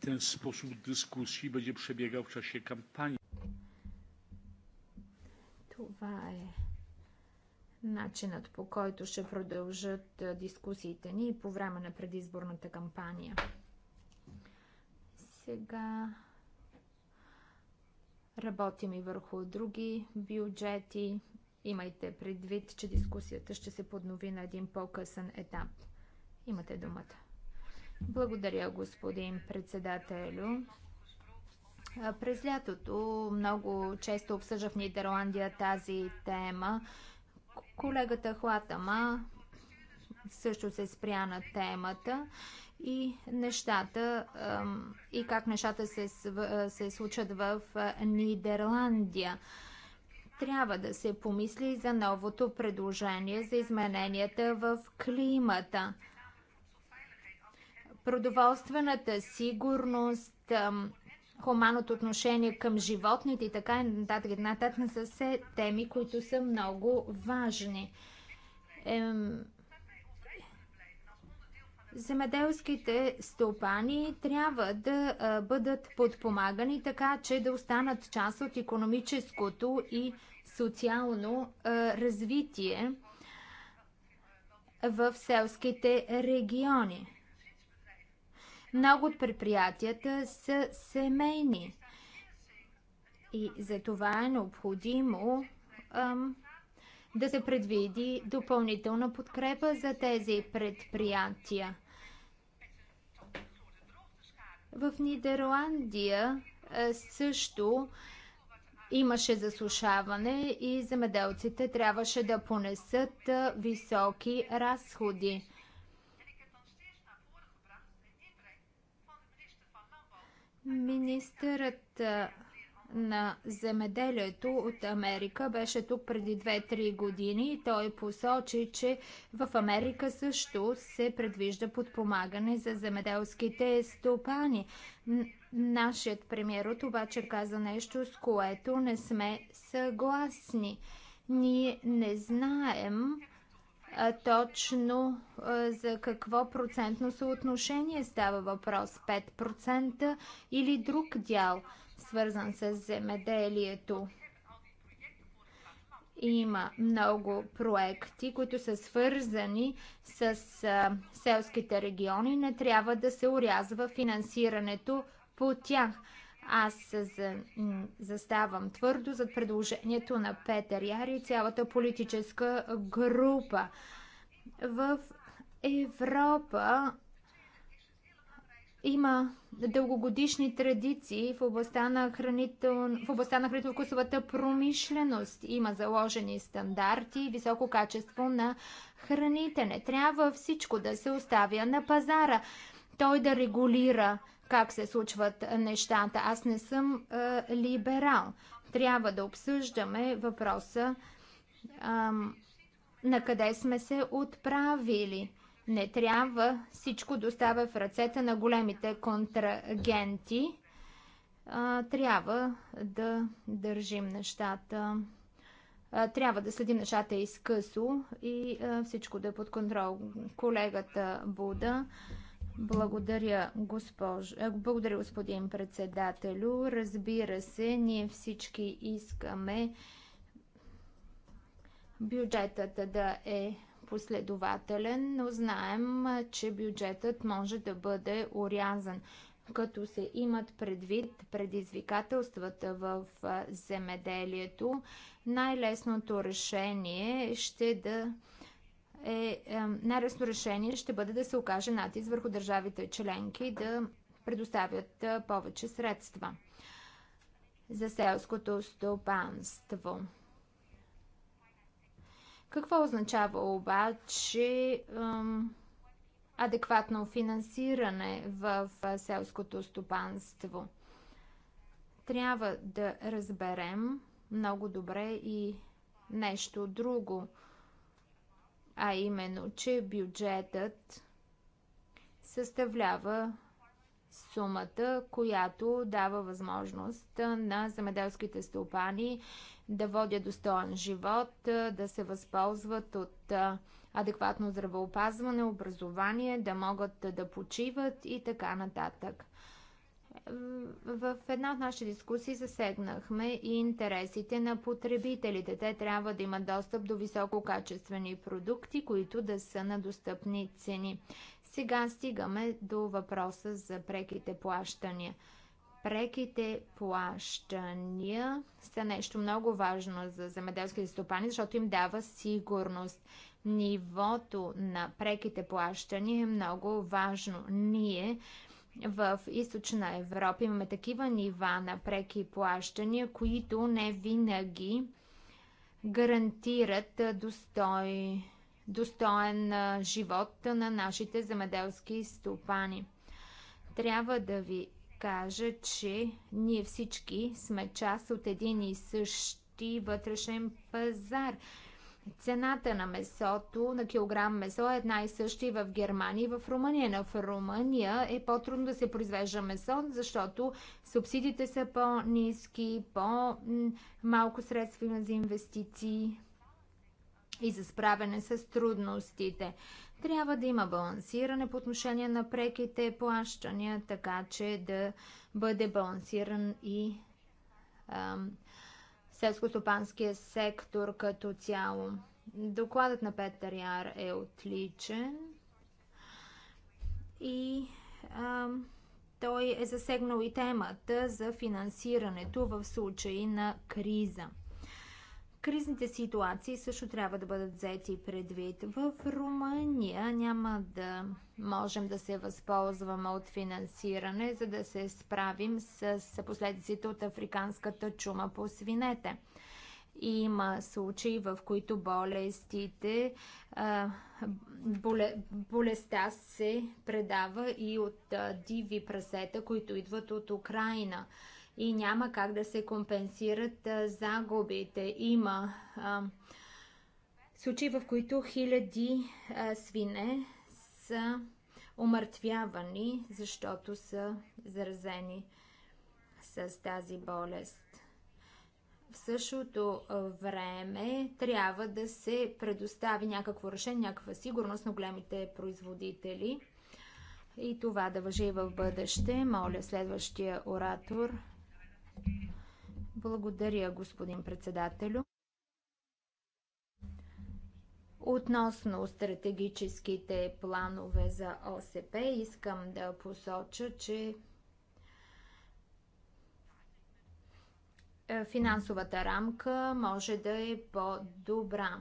тен способ дискусии бъде пребегал в czasie кампания. Това е начинът по който ще продължат дискусиите ни по време на предизборната кампания. Сега работим и върху други бюджети. Имайте предвид, че дискусията ще се поднови на един по-късен етап. Имате думата. Благодаря, господин председателю. През лятото много често обсъждах в Нидерландия тази тема Колегата Хлатама също се спря на темата и нещата и как нещата се, се случат в Нидерландия. Трябва да се помисли за новото предложение за измененията в климата. Продоволствената сигурност, хуманното отношение към животните и така и нататък. нататък са все теми, които са много важни. Ем... Земеделските стопани трябва да а, бъдат подпомагани така, че да останат част от економическото и социално а, развитие в селските региони. Много от предприятията са семейни. И за това е необходимо ам, да се предвиди допълнителна подкрепа за тези предприятия. В Нидерландия също имаше засушаване и земеделците трябваше да понесат високи разходи. Министърът на земеделието от Америка беше тук преди 2-3 години и той посочи, че в Америка също се предвижда подпомагане за земеделските стопани. Нашият премьер от обаче каза нещо, с което не сме съгласни. Ние не знаем а, точно а, за какво процентно съотношение става въпрос 5% или друг дял, свързан с земеделието. Има много проекти, които са свързани с а, селските региони. Не трябва да се урязва финансирането по тях аз заставам твърдо зад предложението на Петър Яри и цялата политическа група. В Европа има дългогодишни традиции в областта на, хранител... в областта на хранително-вкусовата промишленост. Има заложени стандарти и високо качество на храните. Не трябва всичко да се оставя на пазара. Той да регулира как се случват нещата. Аз не съм а, либерал. Трябва да обсъждаме въпроса а, на къде сме се отправили. Не трябва всичко да в ръцете на големите контрагенти. А, трябва да държим нещата. А, трябва да следим нещата изкъсо и а, всичко да е под контрол. Колегата Буда. Благодаря, госпож... Е, благодаря, господин председателю. Разбира се, ние всички искаме бюджетът да е последователен, но знаем, че бюджетът може да бъде урязан, като се имат предвид предизвикателствата в земеделието. Най-лесното решение ще е да е, е най-лесно решение ще бъде да се окаже натиск върху държавите членки да предоставят е, повече средства за селското стопанство. Какво означава обаче ем, адекватно финансиране в е, селското стопанство? Трябва да разберем много добре и нещо друго – а именно, че бюджетът съставлява сумата, която дава възможност на земеделските стопани да водят достоен живот, да се възползват от адекватно здравеопазване, образование, да могат да почиват и така нататък. В една от нашите дискусии засегнахме и интересите на потребителите. Те трябва да имат достъп до висококачествени продукти, които да са на достъпни цени. Сега стигаме до въпроса за преките плащания. Преките плащания са нещо много важно за земеделските стопани, защото им дава сигурност. Нивото на преките плащания е много важно. Ние в източна Европа имаме такива нива на преки плащания, които не винаги гарантират достой, достоен живот на нашите земеделски стопани. Трябва да ви кажа, че ние всички сме част от един и същи вътрешен пазар Цената на месото, на килограм месо е една и съща и в Германия, и в Румъния. Но в Румъния е по-трудно да се произвежда месо, защото субсидиите са по-низки, по-малко средства има за инвестиции и за справяне с трудностите. Трябва да има балансиране по отношение на преките плащания, така че да бъде балансиран и ам, селскостопанския сектор като цяло. Докладът на Петър Яр е отличен и а, той е засегнал и темата за финансирането в случай на криза. Кризните ситуации също трябва да бъдат взети предвид. В Румъния няма да можем да се възползваме от финансиране, за да се справим с последиците от африканската чума по свинете. Има случаи, в които болестите, болестта се предава и от диви прасета, които идват от Украина и няма как да се компенсират загубите. Има а, случаи, в които хиляди а, свине са умъртвявани, защото са заразени с тази болест. В същото време трябва да се предостави някакво решение, някаква сигурност на големите производители. И това да въжи и в бъдеще. Моля следващия оратор благодаря, господин председателю. Относно стратегическите планове за ОСП, искам да посоча, че е, финансовата рамка може да е по-добра.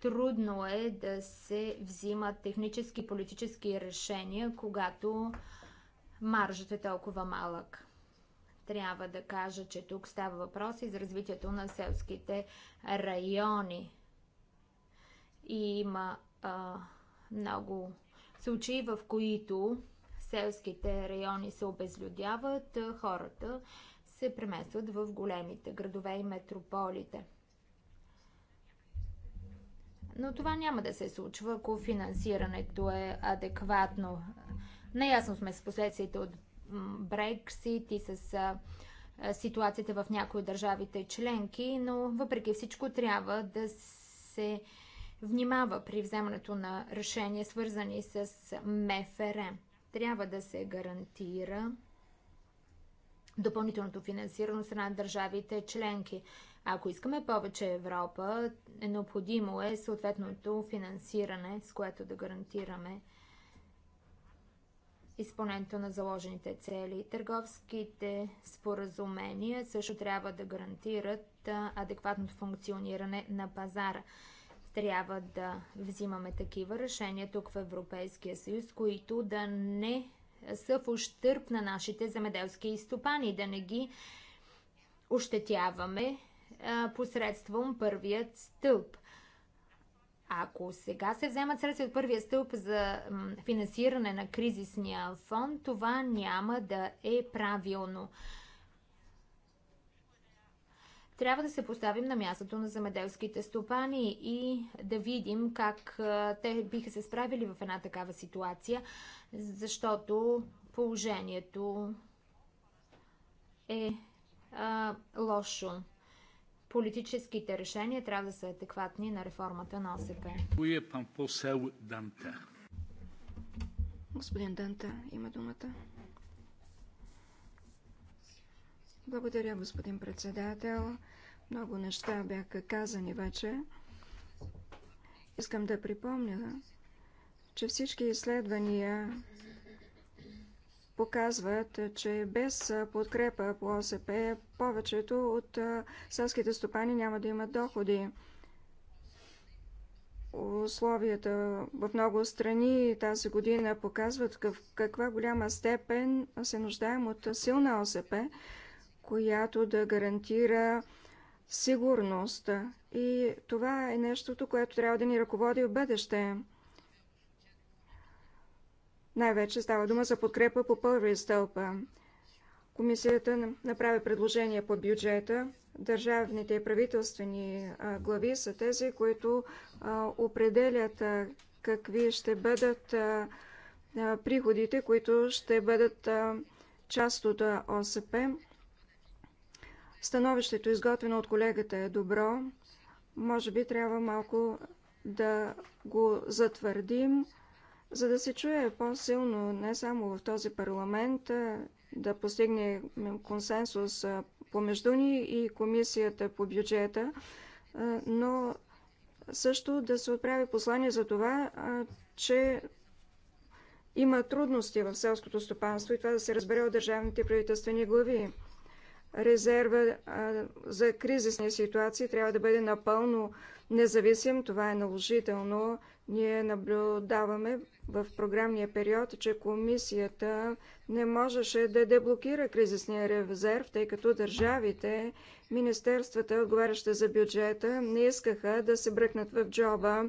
Трудно е да се взимат технически и политически решения, когато маржът е толкова малък трябва да кажа, че тук става въпрос и за развитието на селските райони. И има а, много случаи, в които селските райони се обезлюдяват, хората се преместват в големите градове и метрополите. Но това няма да се случва, ако финансирането е адекватно. Наясно сме с последствията от Брексит и с ситуацията в някои от държавите членки, но въпреки всичко трябва да се внимава при вземането на решения, свързани с МФР. Трябва да се гарантира допълнителното финансиране страна на държавите членки. Ако искаме повече Европа, е необходимо е съответното финансиране, с което да гарантираме изпълнението на заложените цели. Търговските споразумения също трябва да гарантират адекватното функциониране на пазара. Трябва да взимаме такива решения тук в Европейския съюз, които да не са в ущърп на нашите земеделски изтопани, да не ги ощетяваме посредством първият стълб. Ако сега се вземат средства от първия стълб за финансиране на кризисния фонд, това няма да е правилно. Трябва да се поставим на мястото на замеделските стопани и да видим как те биха се справили в една такава ситуация, защото положението е а, лошо. Политическите решения трябва да са адекватни на реформата на ОСП. Кой е пан посел Данте? Господин Данте има думата. Благодаря, господин председател. Много неща бяха казани вече. Искам да припомня, че всички изследвания показват, че без подкрепа по ОСП повечето от селските стопани няма да имат доходи. Условията в много страни тази година показват в каква голяма степен се нуждаем от силна ОСП, която да гарантира сигурност. И това е нещото, което трябва да ни ръководи в бъдеще. Най-вече става дума за подкрепа по първи стълб. Комисията направи предложение по бюджета. Държавните и правителствени глави са тези, които определят какви ще бъдат приходите, които ще бъдат част от ОСП. Становището, изготвено от колегата, е добро. Може би трябва малко да го затвърдим за да се чуе по-силно не само в този парламент, да постигне консенсус помежду ни и комисията по бюджета, но също да се отправи послание за това, че има трудности в селското стопанство и това да се разбере от държавните правителствени глави. Резерва за кризисни ситуации трябва да бъде напълно независим. Това е наложително ние наблюдаваме в програмния период, че комисията не можеше да деблокира кризисния резерв, тъй като държавите, министерствата, отговарящи за бюджета, не искаха да се бръкнат в джоба.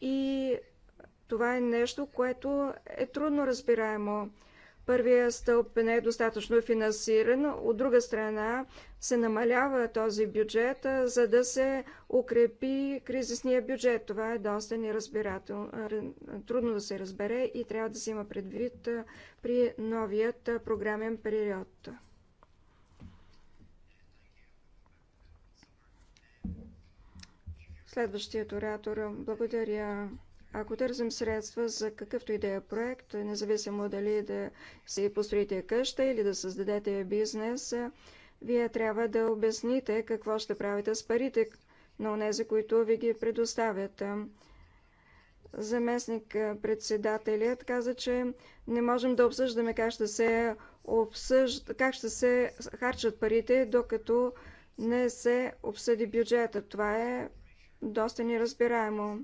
И това е нещо, което е трудно разбираемо първия стълб не е достатъчно финансиран, от друга страна се намалява този бюджет, за да се укрепи кризисния бюджет. Това е доста неразбирателно, трудно да се разбере и трябва да се има предвид при новият програмен период. Следващият оратор. Благодаря. Ако търсим средства за какъвто и да е проект, независимо дали да си построите къща или да създадете бизнес, вие трябва да обясните какво ще правите с парите на онези, които ви ги предоставят. Заместник председателят каза, че не можем да обсъждаме как ще се, обсъжд... как ще се харчат парите, докато не се обсъди бюджета. Това е доста неразбираемо.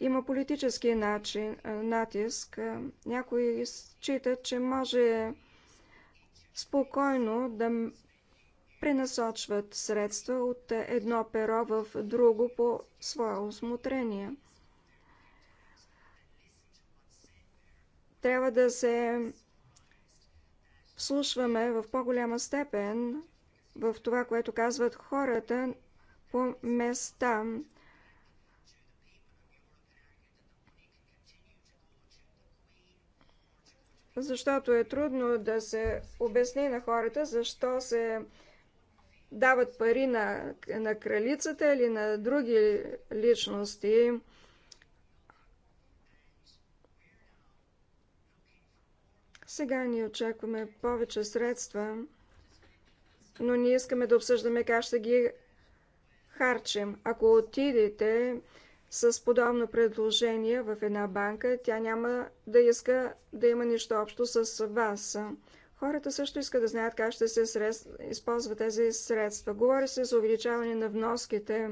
Има политически начин, натиск. Някои считат, че може спокойно да пренасочват средства от едно перо в друго по свое осмотрение. Трябва да се вслушваме в по-голяма степен в това, което казват хората по местам. защото е трудно да се обясни на хората защо се дават пари на, на кралицата или на други личности. Сега ни очакваме повече средства, но ние искаме да обсъждаме как ще ги харчим. Ако отидете с подобно предложение в една банка, тя няма да иска да има нищо общо с вас. Хората също искат да знаят как ще се средств... използват тези средства. Говори се за увеличаване на вноските.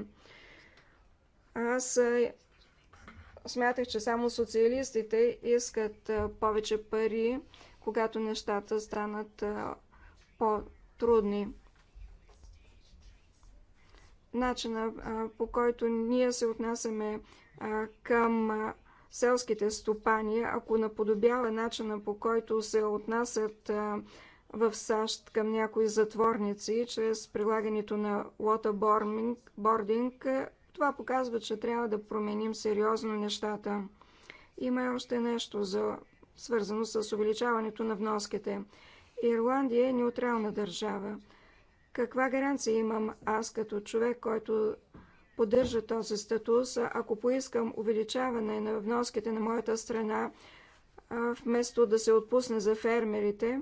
Аз смятах, че само социалистите искат повече пари, когато нещата станат по-трудни начина по който ние се отнасяме към селските стопани, ако наподобява начина по който се отнасят в САЩ към някои затворници чрез прилагането на бординг, това показва, че трябва да променим сериозно нещата. Има още нещо за свързано с увеличаването на вноските. Ирландия е неутрална държава. Каква гаранция имам аз като човек, който поддържа този статус, ако поискам увеличаване на вноските на моята страна, вместо да се отпусне за фермерите,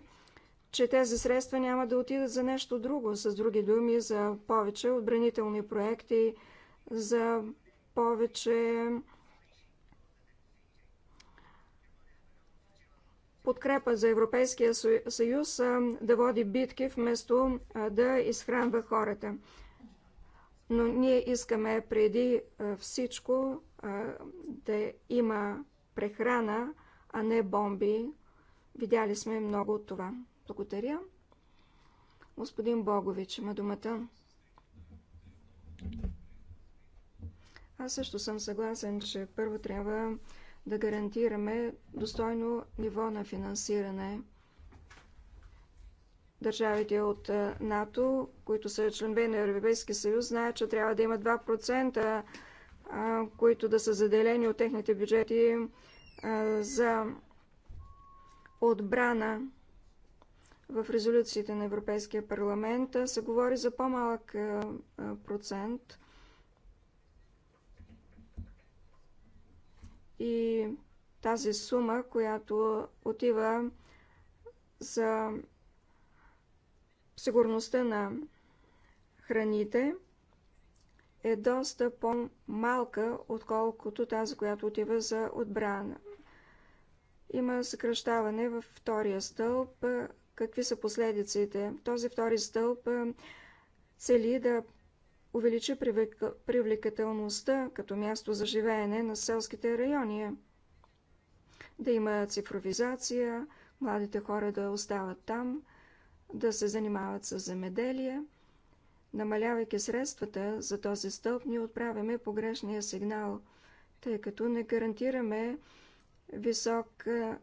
че тези средства няма да отидат за нещо друго, с други думи, за повече отбранителни проекти, за повече подкрепа за Европейския съюз да води битки, вместо да изхранва хората. Но ние искаме преди всичко да има прехрана, а не бомби. Видяли сме много от това. Благодаря. Господин Богович има думата. Аз също съм съгласен, че първо трябва да гарантираме достойно ниво на финансиране. Държавите от НАТО, които са членове на Европейския съюз, знаят, че трябва да има 2%, които да са заделени от техните бюджети за отбрана. В резолюциите на Европейския парламент се говори за по-малък процент – и тази сума, която отива за сигурността на храните, е доста по-малка, отколкото тази, която отива за отбрана. Има съкръщаване във втория стълб. Какви са последиците? Този втори стълб цели да увеличи привлекателността като място за живеене на селските райони. Да има цифровизация, младите хора да остават там, да се занимават с земеделие. Намалявайки средствата за този стълб, ние отправяме погрешния сигнал, тъй като не гарантираме високо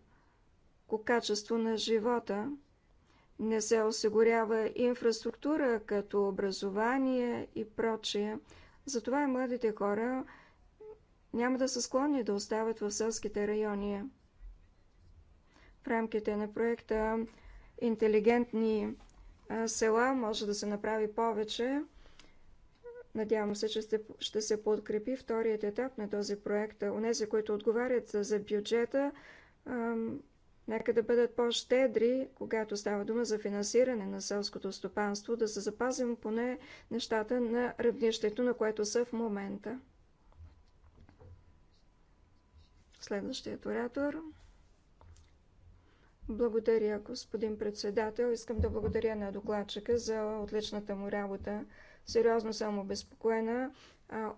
качество на живота не се осигурява инфраструктура, като образование и прочее. Затова и младите хора няма да са склонни да остават в селските райони. В рамките на проекта Интелигентни села може да се направи повече. Надявам се, че ще се подкрепи вторият етап на този проект. Онези, които отговарят за бюджета, Нека да бъдат по-щедри, когато става дума за финансиране на селското стопанство, да се запазим поне нещата на равнището, на което са в момента. Следващият оратор. Благодаря, господин председател. Искам да благодаря на докладчика за отличната му работа. Сериозно съм обезпокоена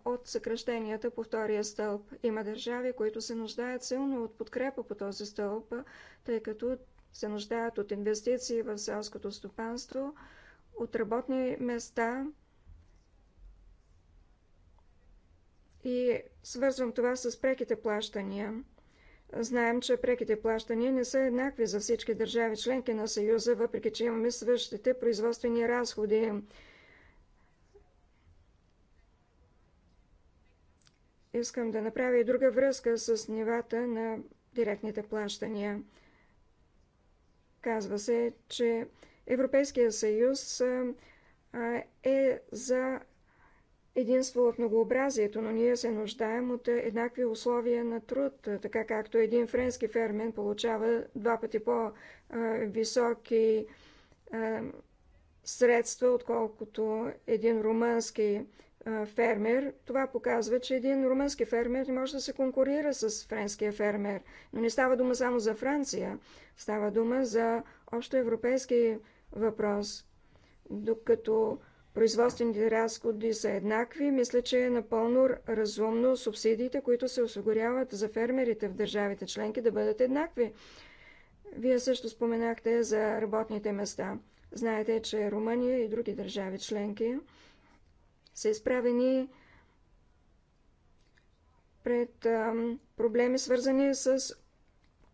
от съкръщенията по втория стълб. Има държави, които се нуждаят силно от подкрепа по този стълб, тъй като се нуждаят от инвестиции в селското стопанство, от работни места. И свързвам това с преките плащания. Знаем, че преките плащания не са еднакви за всички държави членки на Съюза, въпреки че имаме същите производствени разходи. Искам да направя и друга връзка с нивата на директните плащания. Казва се, че Европейския съюз е за единство в многообразието, но ние се нуждаем от еднакви условия на труд, така както един френски фермен получава два пъти по-високи средства, отколкото един румънски фермер, това показва, че един румънски фермер не може да се конкурира с френския фермер. Но не става дума само за Франция, става дума за общо европейски въпрос. Докато производствените разходи са еднакви, мисля, че е напълно разумно субсидиите, които се осигуряват за фермерите в държавите членки, да бъдат еднакви. Вие също споменахте за работните места. Знаете, че Румъния и други държави членки са изправени пред проблеми, свързани с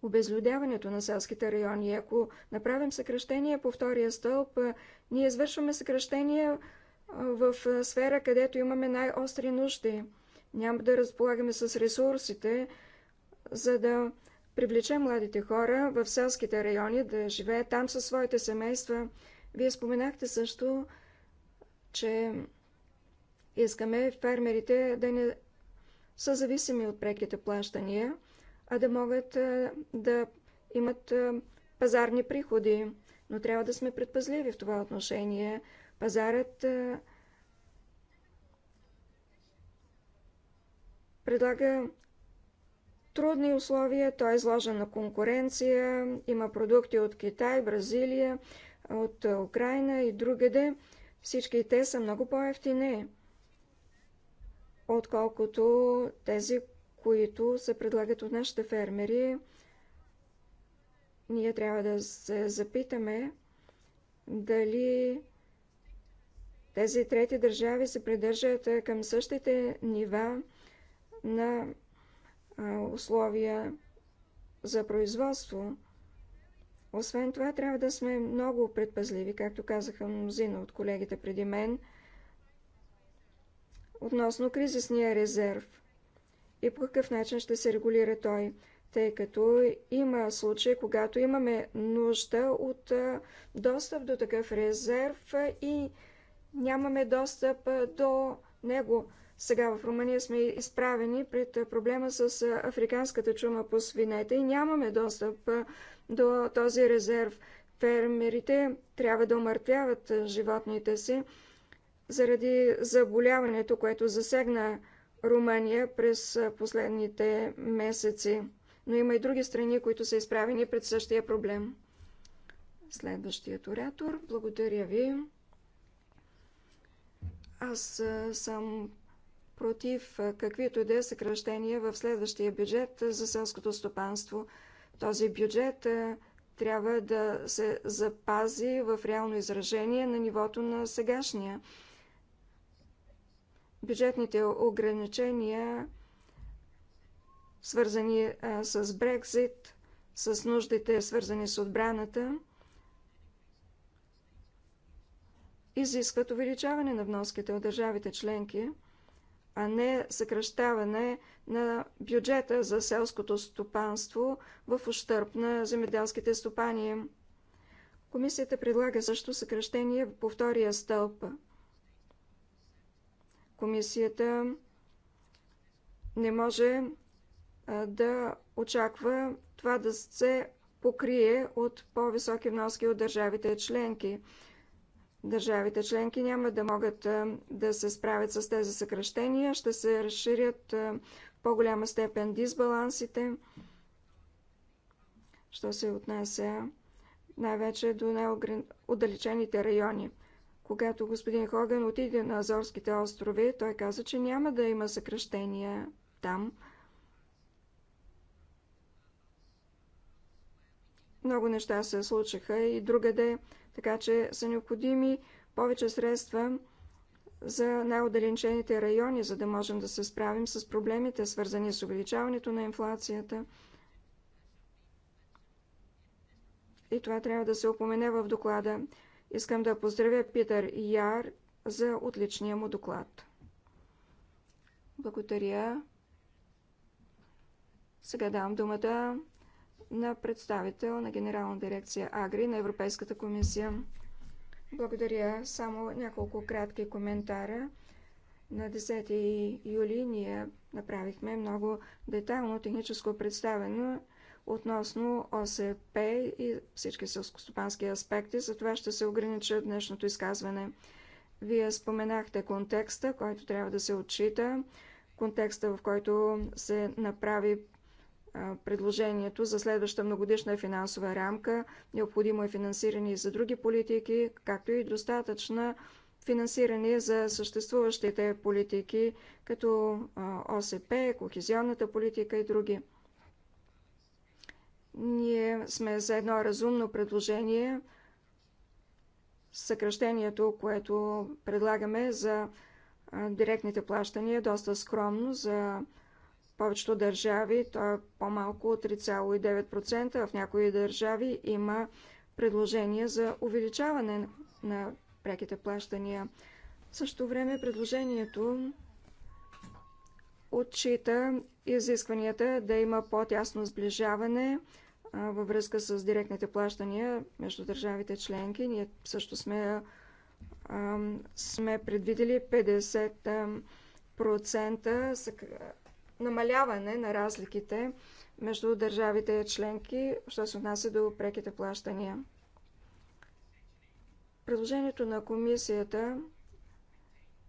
обезлюдяването на селските райони. Ако направим съкръщение по втория стълб, ние извършваме съкръщение в сфера, където имаме най-остри нужди. Няма да разполагаме с ресурсите, за да привлечем младите хора в селските райони да живеят там със своите семейства. Вие споменахте също, че Искаме фермерите да не са зависими от преките плащания, а да могат да имат пазарни приходи. Но трябва да сме предпазливи в това отношение. Пазарът предлага трудни условия, той е изложен на конкуренция, има продукти от Китай, Бразилия, от Украина и другаде. Всички те са много по-ефтини отколкото тези, които се предлагат от нашите фермери. Ние трябва да се запитаме дали тези трети държави се придържат е, към същите нива на условия за производство. Освен това, трябва да сме много предпазливи, както казаха мнозина от колегите преди мен – относно кризисния резерв и по какъв начин ще се регулира той, тъй като има случаи, когато имаме нужда от достъп до такъв резерв и нямаме достъп до него. Сега в Румъния сме изправени пред проблема с африканската чума по свинете и нямаме достъп до този резерв. Фермерите трябва да омъртвяват животните си, заради заболяването, което засегна Румъния през последните месеци. Но има и други страни, които са изправени пред същия проблем. Следващият оратор. Благодаря ви. Аз съм против каквито и да е съкръщения в следващия бюджет за селското стопанство. Този бюджет трябва да се запази в реално изражение на нивото на сегашния бюджетните ограничения, свързани с Брекзит, с нуждите, свързани с отбраната, изискват увеличаване на вноските от държавите членки, а не съкръщаване на бюджета за селското стопанство в ущърп на земеделските стопани. Комисията предлага също съкръщение по втория стълб – Комисията не може да очаква това да се покрие от по-високи вноски от държавите членки. Държавите членки няма да могат да се справят с тези съкръщения, ще се разширят в по-голяма степен дисбалансите, що се отнася най-вече до неограни... райони. Когато господин Хоган отиде на Азорските острови, той каза, че няма да има съкръщения там. Много неща се случиха и другаде, така че са необходими повече средства за най-отдалечените райони, за да можем да се справим с проблемите, свързани с увеличаването на инфлацията. И това трябва да се упомене в доклада. Искам да поздравя Питър Яр за отличния му доклад. Благодаря. Сега давам думата на представител на Генерална дирекция Агри на Европейската комисия. Благодаря. Само няколко кратки коментара. На 10 юли ние направихме много детайлно техническо представено относно ОСП и всички селскостопански аспекти. За това ще се огранича днешното изказване. Вие споменахте контекста, който трябва да се отчита, контекста, в който се направи предложението за следваща многодишна финансова рамка. Необходимо е финансиране и за други политики, както и достатъчна финансиране за съществуващите политики, като ОСП, кохезионната политика и други. Ние сме за едно разумно предложение. Съкръщението, което предлагаме за директните плащания е доста скромно за повечето държави. То е по-малко от 3,9%. В някои държави има предложение за увеличаване на преките плащания. В същото време предложението отчита изискванията да има по-тясно сближаване във връзка с директните плащания между държавите членки. Ние също сме, сме предвидели 50% намаляване на разликите между държавите членки, що се отнася до преките плащания. Предложението на комисията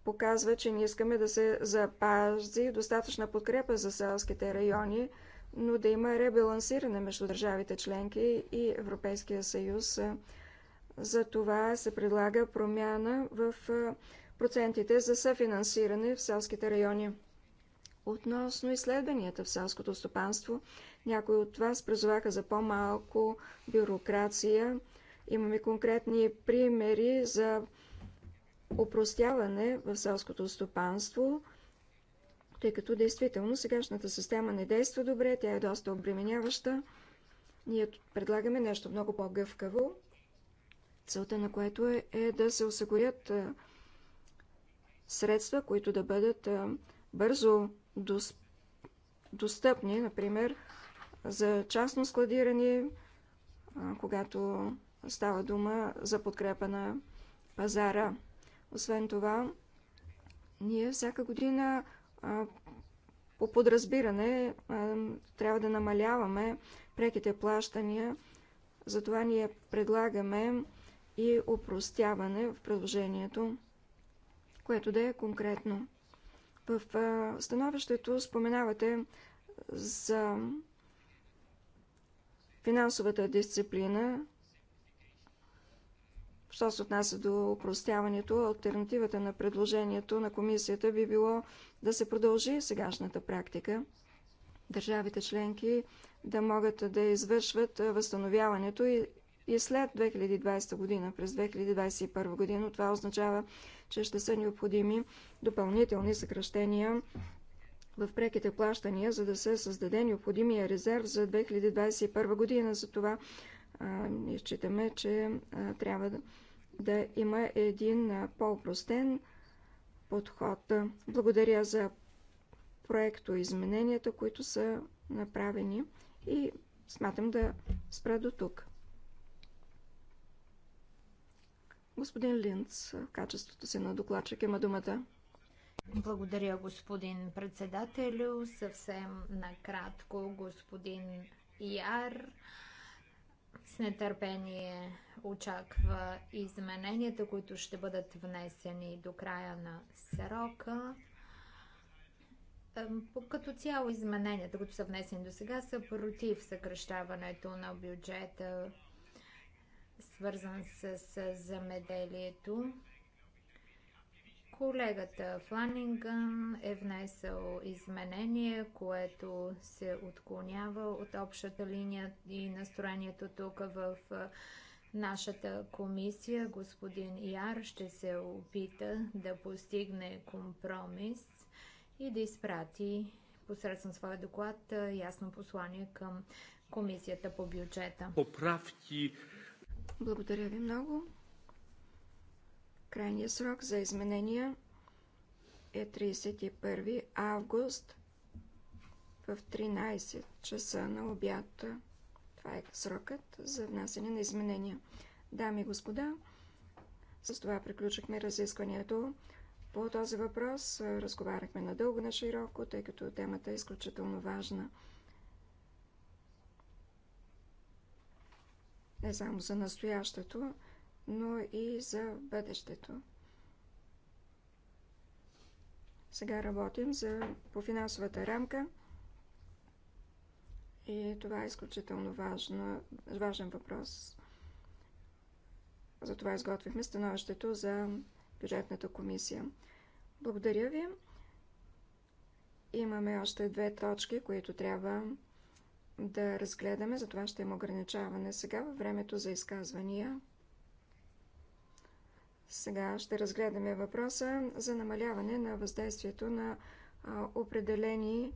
показва, че ние искаме да се запази достатъчна подкрепа за селските райони – но да има ребалансиране между държавите членки и Европейския съюз. За това се предлага промяна в процентите за съфинансиране в селските райони. Относно изследванията в селското стопанство, някои от вас призоваха за по-малко бюрокрация. Имаме конкретни примери за упростяване в селското стопанство – тъй като действително сегашната система не действа добре, тя е доста обременяваща. Ние предлагаме нещо много по-гъвкаво, целта на което е, е да се осигурят средства, които да бъдат бързо достъпни, например, за частно складиране, когато става дума за подкрепа на пазара. Освен това, ние всяка година по подразбиране трябва да намаляваме преките плащания. Затова ние предлагаме и упростяване в предложението, което да е конкретно. В становището споменавате за финансовата дисциплина Що се отнася до упростяването, альтернативата на предложението на комисията би било да се продължи сегашната практика. Държавите членки да могат да извършват възстановяването и, и след 2020 година, през 2021 година. Това означава, че ще са необходими допълнителни съкръщения в преките плащания, за да се създаде необходимия резерв за 2021 година. За това ние считаме, че трябва да има един по-простен подход. Благодаря за проекто измененията, които са направени и смятам да спра до тук. Господин Линц, в качеството си на докладчик, има думата. Благодаря, господин председателю. Съвсем накратко, господин Яр с нетърпение очаква измененията, които ще бъдат внесени до края на срока. Като цяло измененията, които са внесени до сега, са против съкръщаването на бюджета, свързан с земеделието. Колегата Фланингън е внесъл изменение, което се отклонява от общата линия и настроението тук в нашата комисия. Господин Яр ще се опита да постигне компромис и да изпрати посредством своя доклад ясно послание към комисията по бюджета. Поправки. Благодаря ви много. Крайният срок за изменения е 31 август в 13 часа на обяд. Това е срокът за внасяне на изменения. Дами и господа, с това приключихме разискването. По този въпрос разговаряхме надълго на широко, тъй като темата е изключително важна. Не само за настоящето, но и за бъдещето. Сега работим за, по финансовата рамка и това е изключително важно, важен въпрос. Затова изготвихме становището за бюджетната комисия. Благодаря ви. Имаме още две точки, които трябва да разгледаме, затова ще има ограничаване сега във времето за изказвания. Сега ще разгледаме въпроса за намаляване на въздействието на определени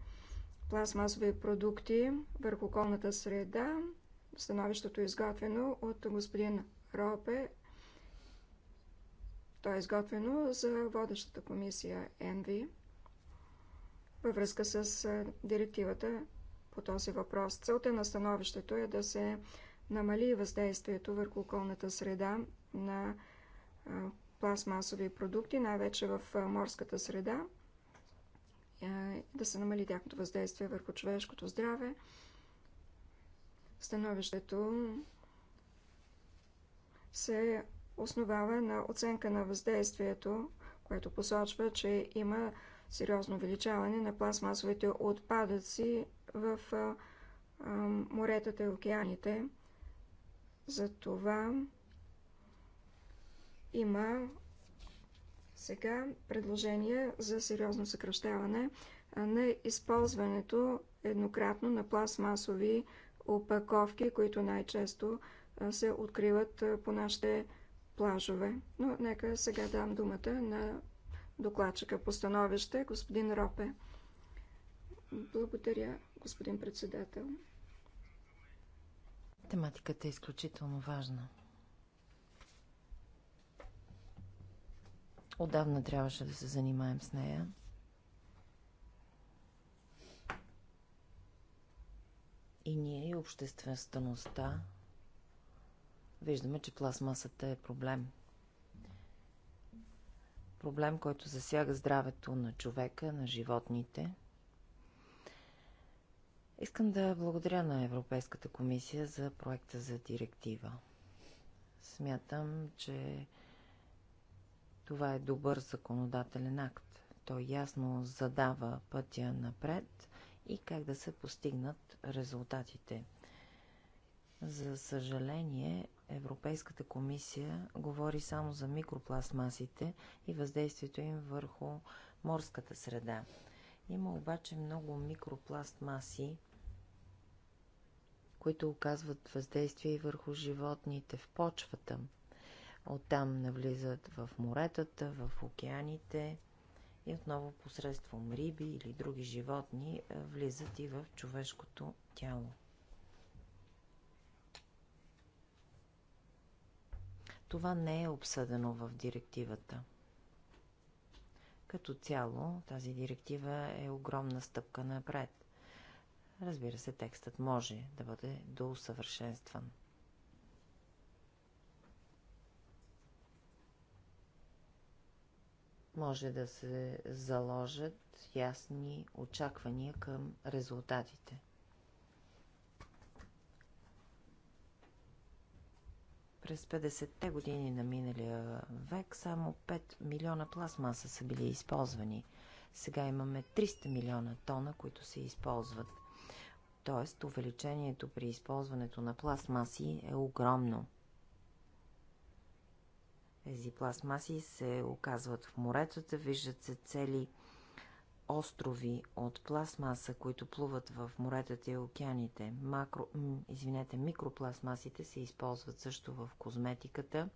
пластмасови продукти върху околната среда. Становището е изготвено от господин Ропе. То е изготвено за водещата комисия ЕНВИ във връзка с директивата по този въпрос. Целта на становището е да се намали въздействието върху околната среда на пластмасови продукти, най-вече в морската среда, да се намали тяхното въздействие върху човешкото здраве. Становището се основава на оценка на въздействието, което посочва, че има сериозно увеличаване на пластмасовите отпадъци в моретата и океаните. Затова има сега предложение за сериозно съкръщаване на използването еднократно на пластмасови опаковки, които най-често се откриват по нашите плажове. Но нека сега дам думата на докладчика по становище, господин Ропе. Благодаря, господин председател. Тематиката е изключително важна. Отдавна трябваше да се занимаем с нея. И ние, и обществеността виждаме, че пластмасата е проблем. Проблем, който засяга здравето на човека, на животните. Искам да благодаря на Европейската комисия за проекта за директива. Смятам, че това е добър законодателен акт. Той ясно задава пътя напред и как да се постигнат резултатите. За съжаление, Европейската комисия говори само за микропластмасите и въздействието им върху морската среда. Има обаче много микропластмаси, които оказват въздействие и върху животните в почвата – Оттам навлизат в моретата, в океаните и отново посредством риби или други животни е, влизат и в човешкото тяло. Това не е обсъдено в директивата. Като цяло, тази директива е огромна стъпка напред. Разбира се, текстът може да бъде доусъвършенстван. може да се заложат ясни очаквания към резултатите. През 50-те години на миналия век само 5 милиона пластмаса са били използвани. Сега имаме 300 милиона тона, които се използват. Тоест, увеличението при използването на пластмаси е огромно – тези пластмаси се оказват в моретата, виждат се цели острови от пластмаса, които плуват в моретата и океаните. Макро, извинете, микропластмасите се използват също в козметиката,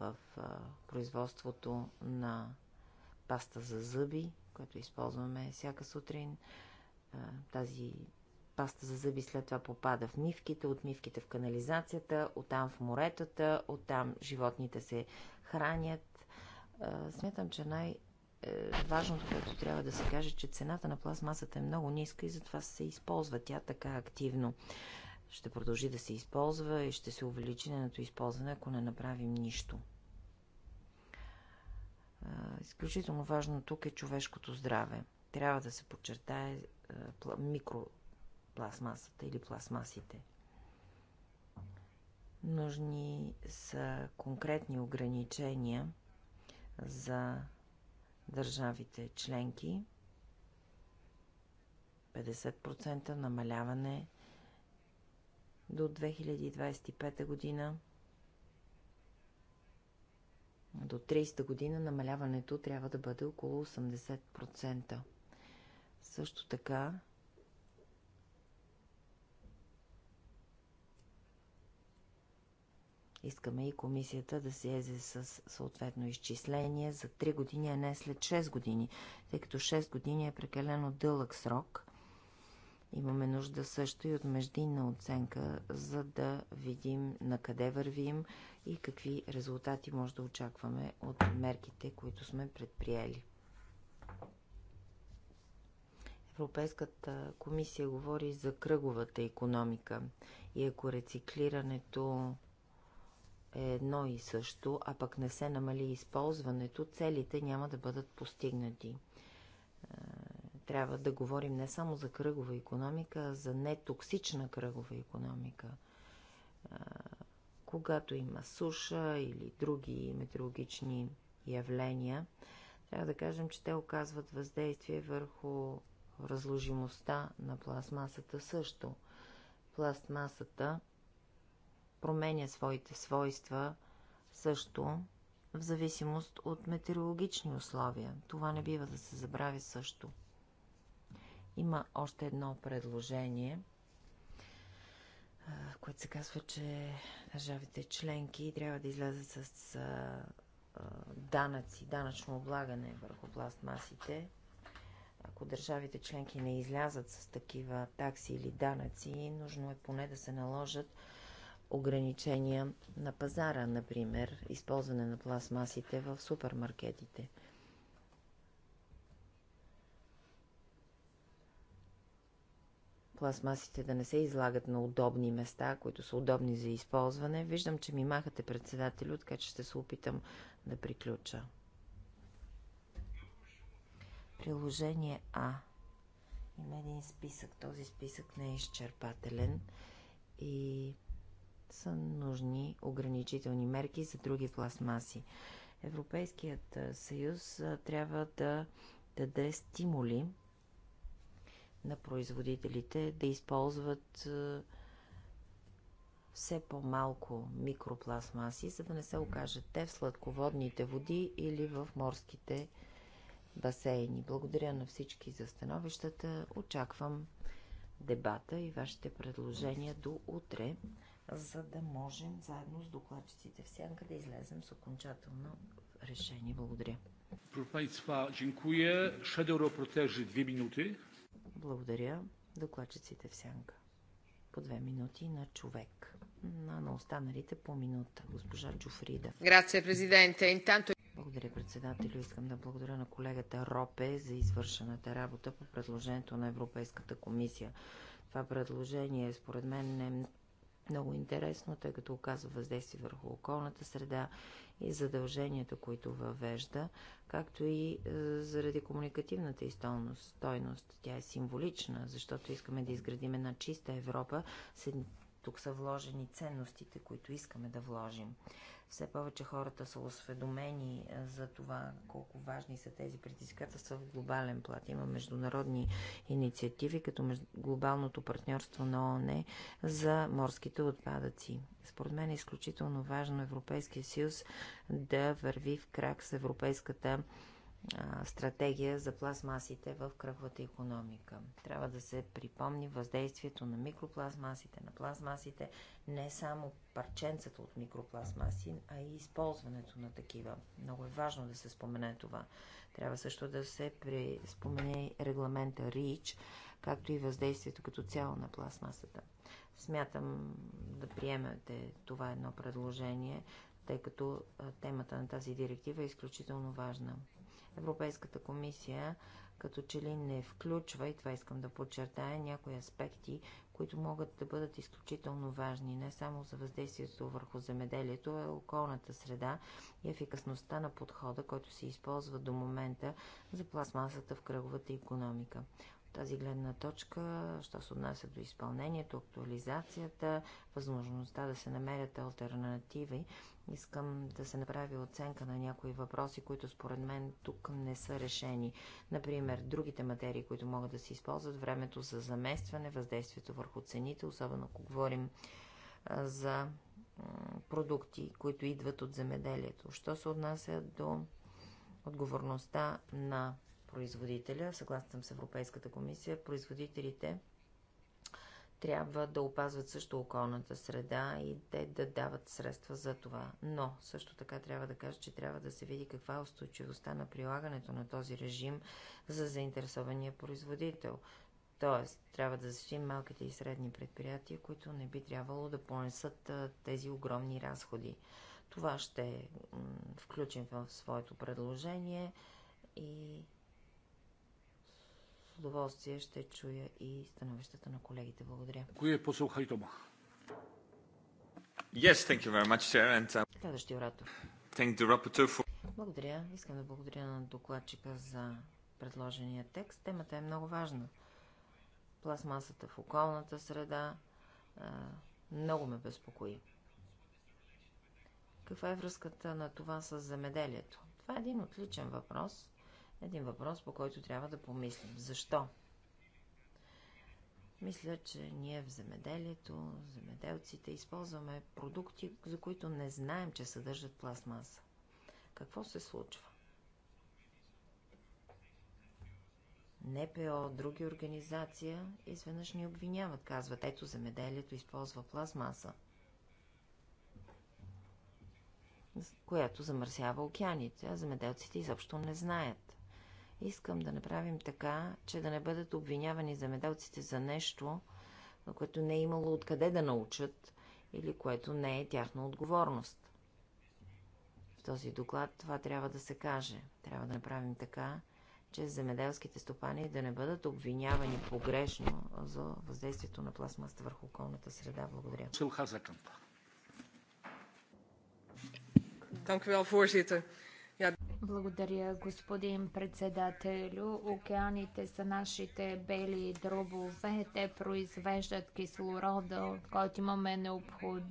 в производството на паста за зъби, която използваме всяка сутрин. Тази паста за зъби след това попада в мивките, от мивките в канализацията, оттам в моретата, оттам животните се хранят. Смятам, че най- важното, което трябва да се каже, че цената на пластмасата е много ниска и затова се използва тя така активно. Ще продължи да се използва и ще се увеличи неното използване, ако не направим нищо. Изключително важно тук е човешкото здраве. Трябва да се подчертае микро пластмасата или пластмасите. Нужни са конкретни ограничения за държавите членки. 50% намаляване до 2025 година. До 30 година намаляването трябва да бъде около 80%. Също така Искаме и комисията да се езе с съответно изчисление за 3 години, а не след 6 години, тъй като 6 години е прекалено дълъг срок. Имаме нужда също и от междинна оценка, за да видим на къде вървим и какви резултати може да очакваме от мерките, които сме предприели. Европейската комисия говори за кръговата економика и ако рециклирането е едно и също, а пък не се намали използването, целите няма да бъдат постигнати. Е, трябва да говорим не само за кръгова економика, а за нетоксична кръгова економика. Е, когато има суша или други метеорологични явления, трябва да кажем, че те оказват въздействие върху разложимостта на пластмасата също. Пластмасата променя своите свойства също в зависимост от метеорологични условия. Това не бива да се забрави също. Има още едно предложение, което се казва, че държавите членки трябва да излязат с данъци, данъчно облагане върху пластмасите. Ако държавите членки не излязат с такива такси или данъци, нужно е поне да се наложат ограничения на пазара, например, използване на пластмасите в супермаркетите. пластмасите да не се излагат на удобни места, които са удобни за използване. Виждам, че ми махате председателю, така че ще се опитам да приключа. Приложение А. Има един списък. Този списък не е изчерпателен и са нужни ограничителни мерки за други пластмаси. Европейският съюз трябва да даде стимули на производителите да използват все по-малко микропластмаси, за да не се окажат те в сладководните води или в морските басейни. Благодаря на всички за становищата. Очаквам дебата и вашите предложения до утре за да можем заедно с докладчиците в сянка да излезем с окончателно решение. Благодаря. Благодаря. Докладчиците в сянка. По две минути на човек. На, на останалите по минута. Госпожа Джуфрида. Грация, президенте. Интанто... Благодаря, председателю. Искам да благодаря на колегата Ропе за извършената работа по предложението на Европейската комисия. Това предложение, според мен, е много интересно, тъй като оказва въздействие върху околната среда и задълженията, които въвежда, както и е, заради комуникативната и стойност. стойност. Тя е символична, защото искаме да изградим една чиста Европа. Тук са вложени ценностите, които искаме да вложим. Все повече хората са осведомени е, за това колко важни са тези предизвикателства в глобален плат. Има международни инициативи, като глобалното партньорство на ООН за морските отпадъци. Според мен е изключително важно Европейския съюз да върви в крак с Европейската стратегия за пластмасите в кръвната економика. Трябва да се припомни въздействието на микропластмасите, на пластмасите, не само парченцата от микропластмаси, а и използването на такива. Много е важно да се спомене това. Трябва също да се спомене регламента РИЧ, както и въздействието като цяло на пластмасата. Смятам да приемете това едно предложение, тъй като темата на тази директива е изключително важна. Европейската комисия като че ли не включва, и това искам да подчертая, някои аспекти, които могат да бъдат изключително важни не само за въздействието върху земеделието, а околната среда и ефикасността на подхода, който се използва до момента за пластмасата в кръговата економика. От тази гледна точка, що се отнася до изпълнението, актуализацията, възможността да се намерят альтернативи, Искам да се направи оценка на някои въпроси, които според мен тук не са решени. Например, другите материи, които могат да се използват, времето за заместване, въздействието върху цените, особено ако говорим за продукти, които идват от земеделието. Що се отнася до отговорността на производителя, съгласно с Европейската комисия, производителите трябва да опазват също околната среда и те да дават средства за това. Но също така трябва да кажа, че трябва да се види каква е устойчивостта на прилагането на този режим за заинтересования производител. Тоест, трябва да защитим малките и средни предприятия, които не би трябвало да понесат тези огромни разходи. Това ще включим в своето предложение и удоволствие ще чуя и становищата на колегите. Благодаря. Кои е посол Хайтома? Yes, thank you very much, Chair. And, um, Следващия оратор. Thank the rapporteur for... Благодаря. Искам да благодаря на докладчика за предложения текст. Темата е много важна. Пластмасата в околната среда а, много ме безпокои. Каква е връзката на това с земеделието? Това е един отличен въпрос, един въпрос, по който трябва да помислим. Защо? Мисля, че ние в земеделието, земеделците, използваме продукти, за които не знаем, че съдържат пластмаса. Какво се случва? НПО, други организации изведнъж ни обвиняват, казват, ето земеделието използва пластмаса, която замърсява океаните, а земеделците изобщо не знаят. Искам да направим така, че да не бъдат обвинявани земеделците за нещо, което не е имало откъде да научат или което не е тяхна отговорност. В този доклад това трябва да се каже. Трябва да направим така, че земеделските стопани да не бъдат обвинявани погрешно за въздействието на пластмаста върху околната среда. Благодаря. Dank u wel, voorzitter. Благодаря, господин председателю. Океаните са нашите бели дробове. Те произвеждат кислорода, от който имаме необход...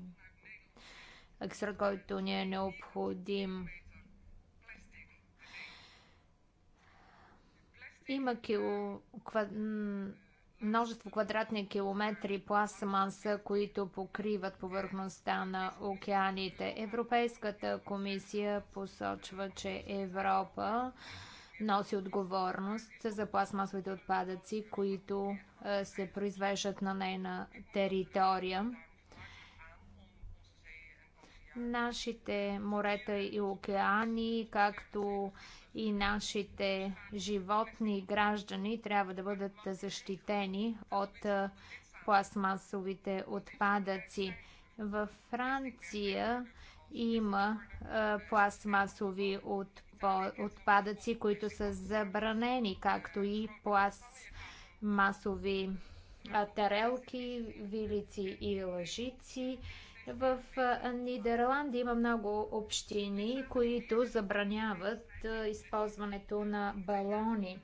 който ни е необходим. Има кило множество квадратни километри пластмаса, които покриват повърхността на океаните. Европейската комисия посочва, че Европа носи отговорност за пластмасовите отпадъци, които е, се произвеждат на нейна територия. Нашите морета и океани, както и нашите животни и граждани трябва да бъдат защитени от пластмасовите отпадъци. Във Франция има пластмасови отпадъци, които са забранени, както и пластмасови тарелки, вилици и лъжици. В Нидерландия има много общини, които забраняват използването на балони.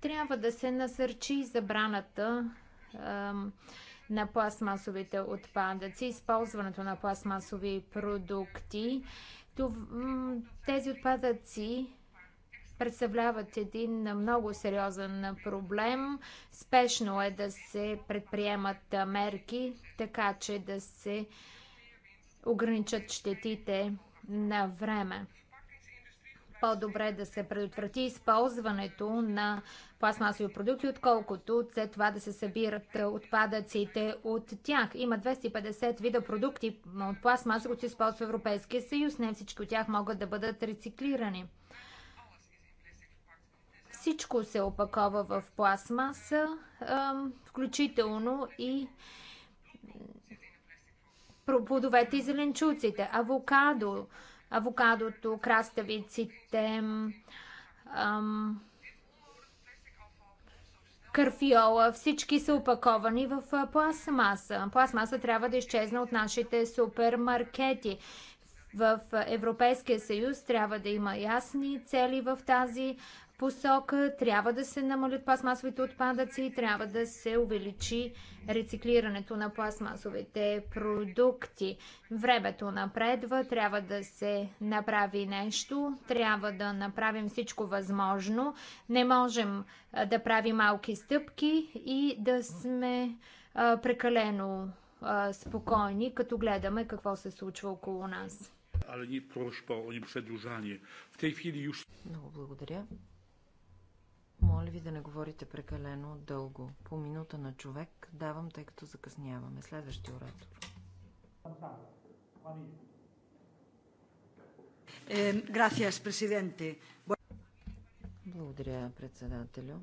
Трябва да се насърчи забраната на пластмасовите отпадъци, използването на пластмасови продукти. Тези отпадъци представляват един много сериозен проблем. Спешно е да се предприемат мерки, така че да се ограничат щетите на време. По-добре да се предотврати използването на пластмасови продукти, отколкото след това да се събират отпадъците от тях. Има 250 вида продукти от пластмаса, които се използват в Европейския съюз. Не всички от тях могат да бъдат рециклирани. Всичко се опакова в пластмаса, включително и плодовете и зеленчуците, авокадо, авокадото, краставиците, карфиола, всички са опаковани в пластмаса. Пластмаса трябва да изчезне от нашите супермаркети. В Европейския съюз трябва да има ясни цели в тази посока. Трябва да се намалят пластмасовите отпадъци, трябва да се увеличи рециклирането на пластмасовите продукти. Времето напредва, трябва да се направи нещо, трябва да направим всичко възможно. Не можем да правим малки стъпки и да сме прекалено спокойни, като гледаме какво се случва около нас. прошба В хвили Много благодаря. Моля ви да не говорите прекалено дълго. По минута на човек давам, тъй като закъсняваме. Следващия оратор. Е, Благодаря, председателю.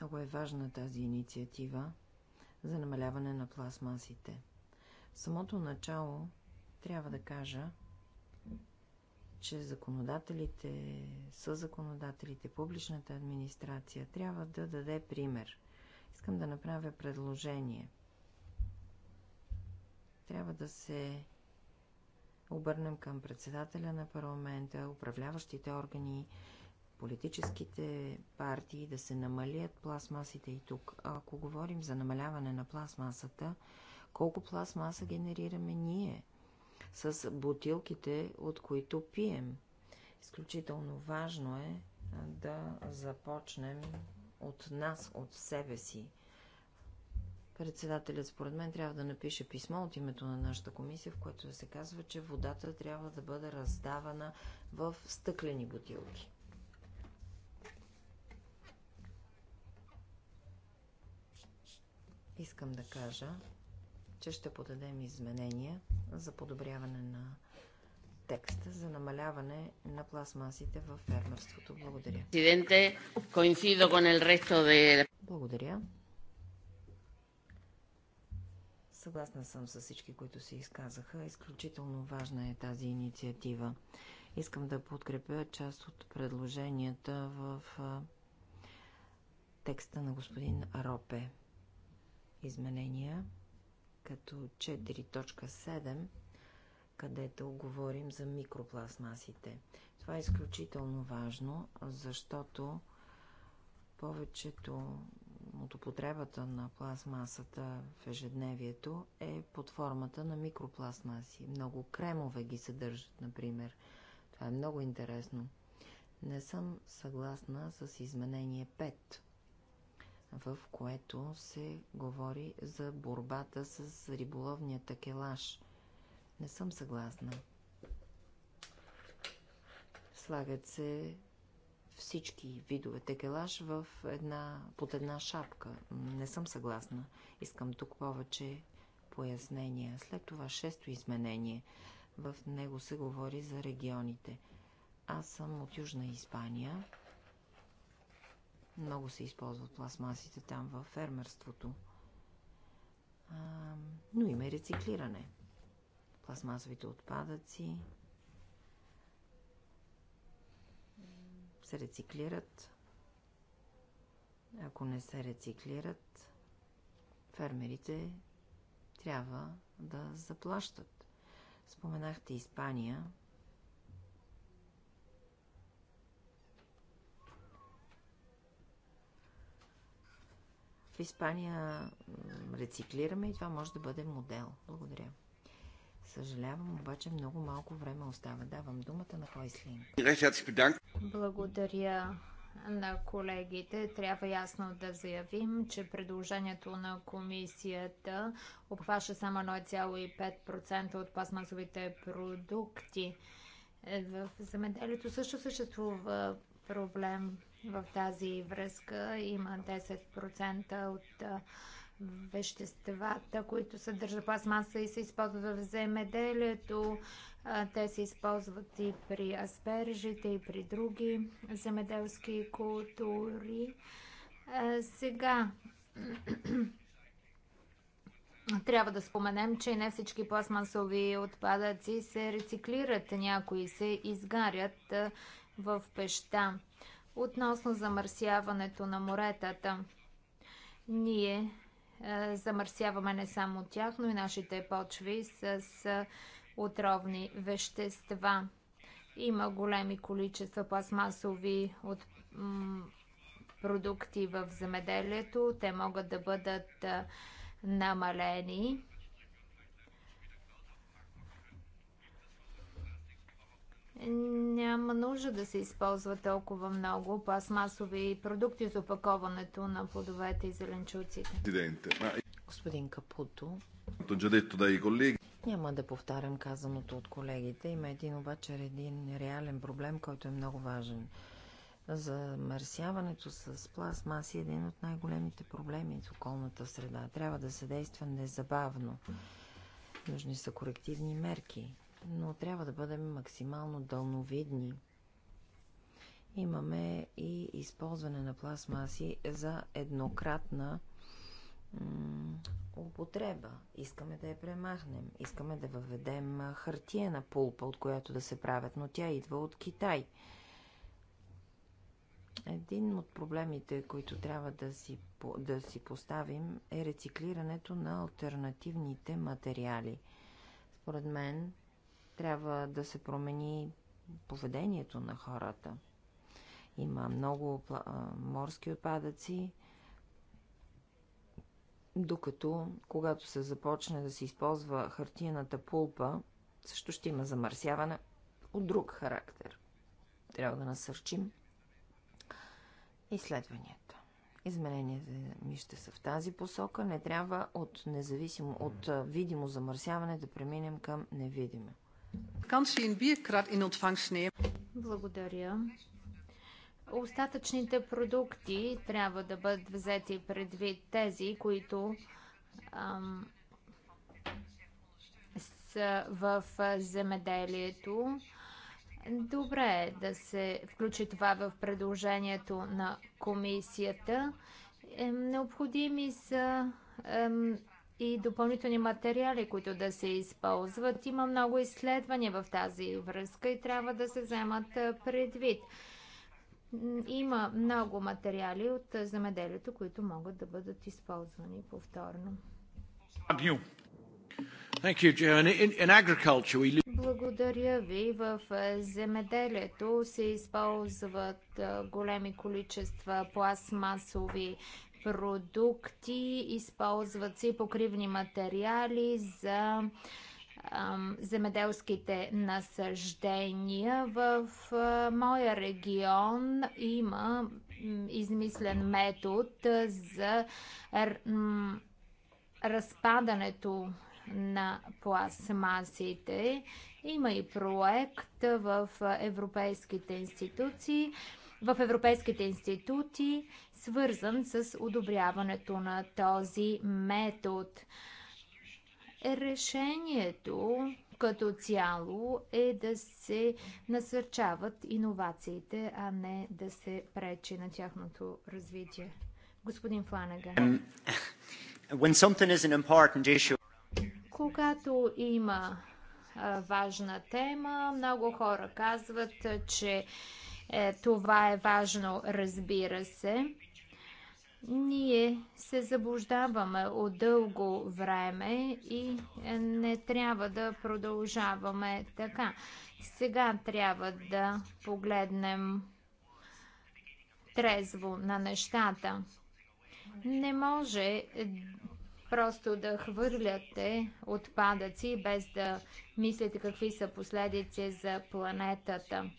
Много е важна тази инициатива за намаляване на пластмасите. В самото начало трябва да кажа, че законодателите, съзаконодателите, публичната администрация трябва да даде пример. Искам да направя предложение. Трябва да се обърнем към председателя на парламента, управляващите органи, политическите партии да се намалят пластмасите и тук. А ако говорим за намаляване на пластмасата, колко пластмаса генерираме ние? с бутилките, от които пием. Изключително важно е да започнем от нас, от себе си. Председателят, според мен, трябва да напише писмо от името на нашата комисия, в което да се казва, че водата трябва да бъде раздавана в стъклени бутилки. Искам да кажа, че ще подадем изменения за подобряване на текста за намаляване на пластмасите във фермерството. Благодаря. Благодаря. Съгласна съм с всички, които се изказаха. Изключително важна е тази инициатива. Искам да подкрепя част от предложенията в текста на господин Ропе. Изменения като 4.7, където говорим за микропластмасите. Това е изключително важно, защото повечето от употребата на пластмасата в ежедневието е под формата на микропластмаси. Много кремове ги съдържат, например. Това е много интересно. Не съм съгласна с изменение в което се говори за борбата с риболовния такелаж. Не съм съгласна. Слагат се всички видове текелаж в една, под една шапка. Не съм съгласна. Искам тук повече пояснения. След това шесто изменение. В него се говори за регионите. Аз съм от Южна Испания много се използват пластмасите там във фермерството. А, но има и рециклиране. Пластмасовите отпадъци се рециклират. Ако не се рециклират, фермерите трябва да заплащат. Споменахте Испания. В Испания рециклираме и това може да бъде модел. Благодаря. Съжалявам, обаче много малко време остава. Давам думата на Хойслинг. Благодаря на колегите. Трябва ясно да заявим, че предложението на комисията обхваща само 0,5% от пластмасовите продукти. В земеделието също съществува проблем в тази връзка има 10% от веществата, които съдържа пластмаса и се използват в земеделието. Те се използват и при аспержите, и при други земеделски култури. Сега *clears throat* трябва да споменем, че не всички пластмасови отпадъци се рециклират, някои се изгарят в пеща. Относно замърсяването на моретата, ние е, замърсяваме не само тях, но и нашите почви с е, отровни вещества. Има големи количества пластмасови от, продукти в земеделието. Те могат да бъдат е, намалени няма нужда да се използва толкова много пластмасови продукти за опаковането на плодовете и зеленчуците. Господин Капуто, няма да повтарям казаното от колегите. Има един обаче един реален проблем, който е много важен. Замърсяването с пластмаси е един от най-големите проблеми с околната среда. Трябва да се действа незабавно. Нужни са корективни мерки но трябва да бъдем максимално дълновидни. Имаме и използване на пластмаси за еднократна употреба. Искаме да я премахнем. Искаме да въведем хартия на пулпа, от която да се правят, но тя идва от Китай. Един от проблемите, които трябва да си, да си поставим, е рециклирането на альтернативните материали. Според мен, трябва да се промени поведението на хората. Има много морски отпадъци, докато, когато се започне да се използва хартиената пулпа, също ще има замърсяване от друг характер. Трябва да насърчим изследванията. Измененията ми ще са в тази посока. Не трябва от независимо, от видимо замърсяване да преминем към невидимо. Благодаря. Остатъчните продукти трябва да бъдат взети предвид тези, които ам, са в земеделието. Добре е да се включи това в предложението на комисията. Е, необходими са и допълнителни материали, които да се използват. Има много изследвания в тази връзка и трябва да се вземат предвид. Има много материали от замеделието, които могат да бъдат използвани повторно. Благодаря ви. В земеделието се използват големи количества пластмасови продукти, използват се покривни материали за земеделските насъждения. В моя регион има измислен метод за разпадането на пластмасите. Има и проект в европейските институции, в европейските институти свързан с одобряването на този метод. Решението като цяло е да се насърчават иновациите, а не да се пречи на тяхното развитие. Господин Фланега, Когато има важна тема, много хора казват, че е, това е важно, разбира се. Ние се заблуждаваме от дълго време и не трябва да продължаваме така. Сега трябва да погледнем трезво на нещата. Не може просто да хвърляте отпадъци без да мислите какви са последици за планетата.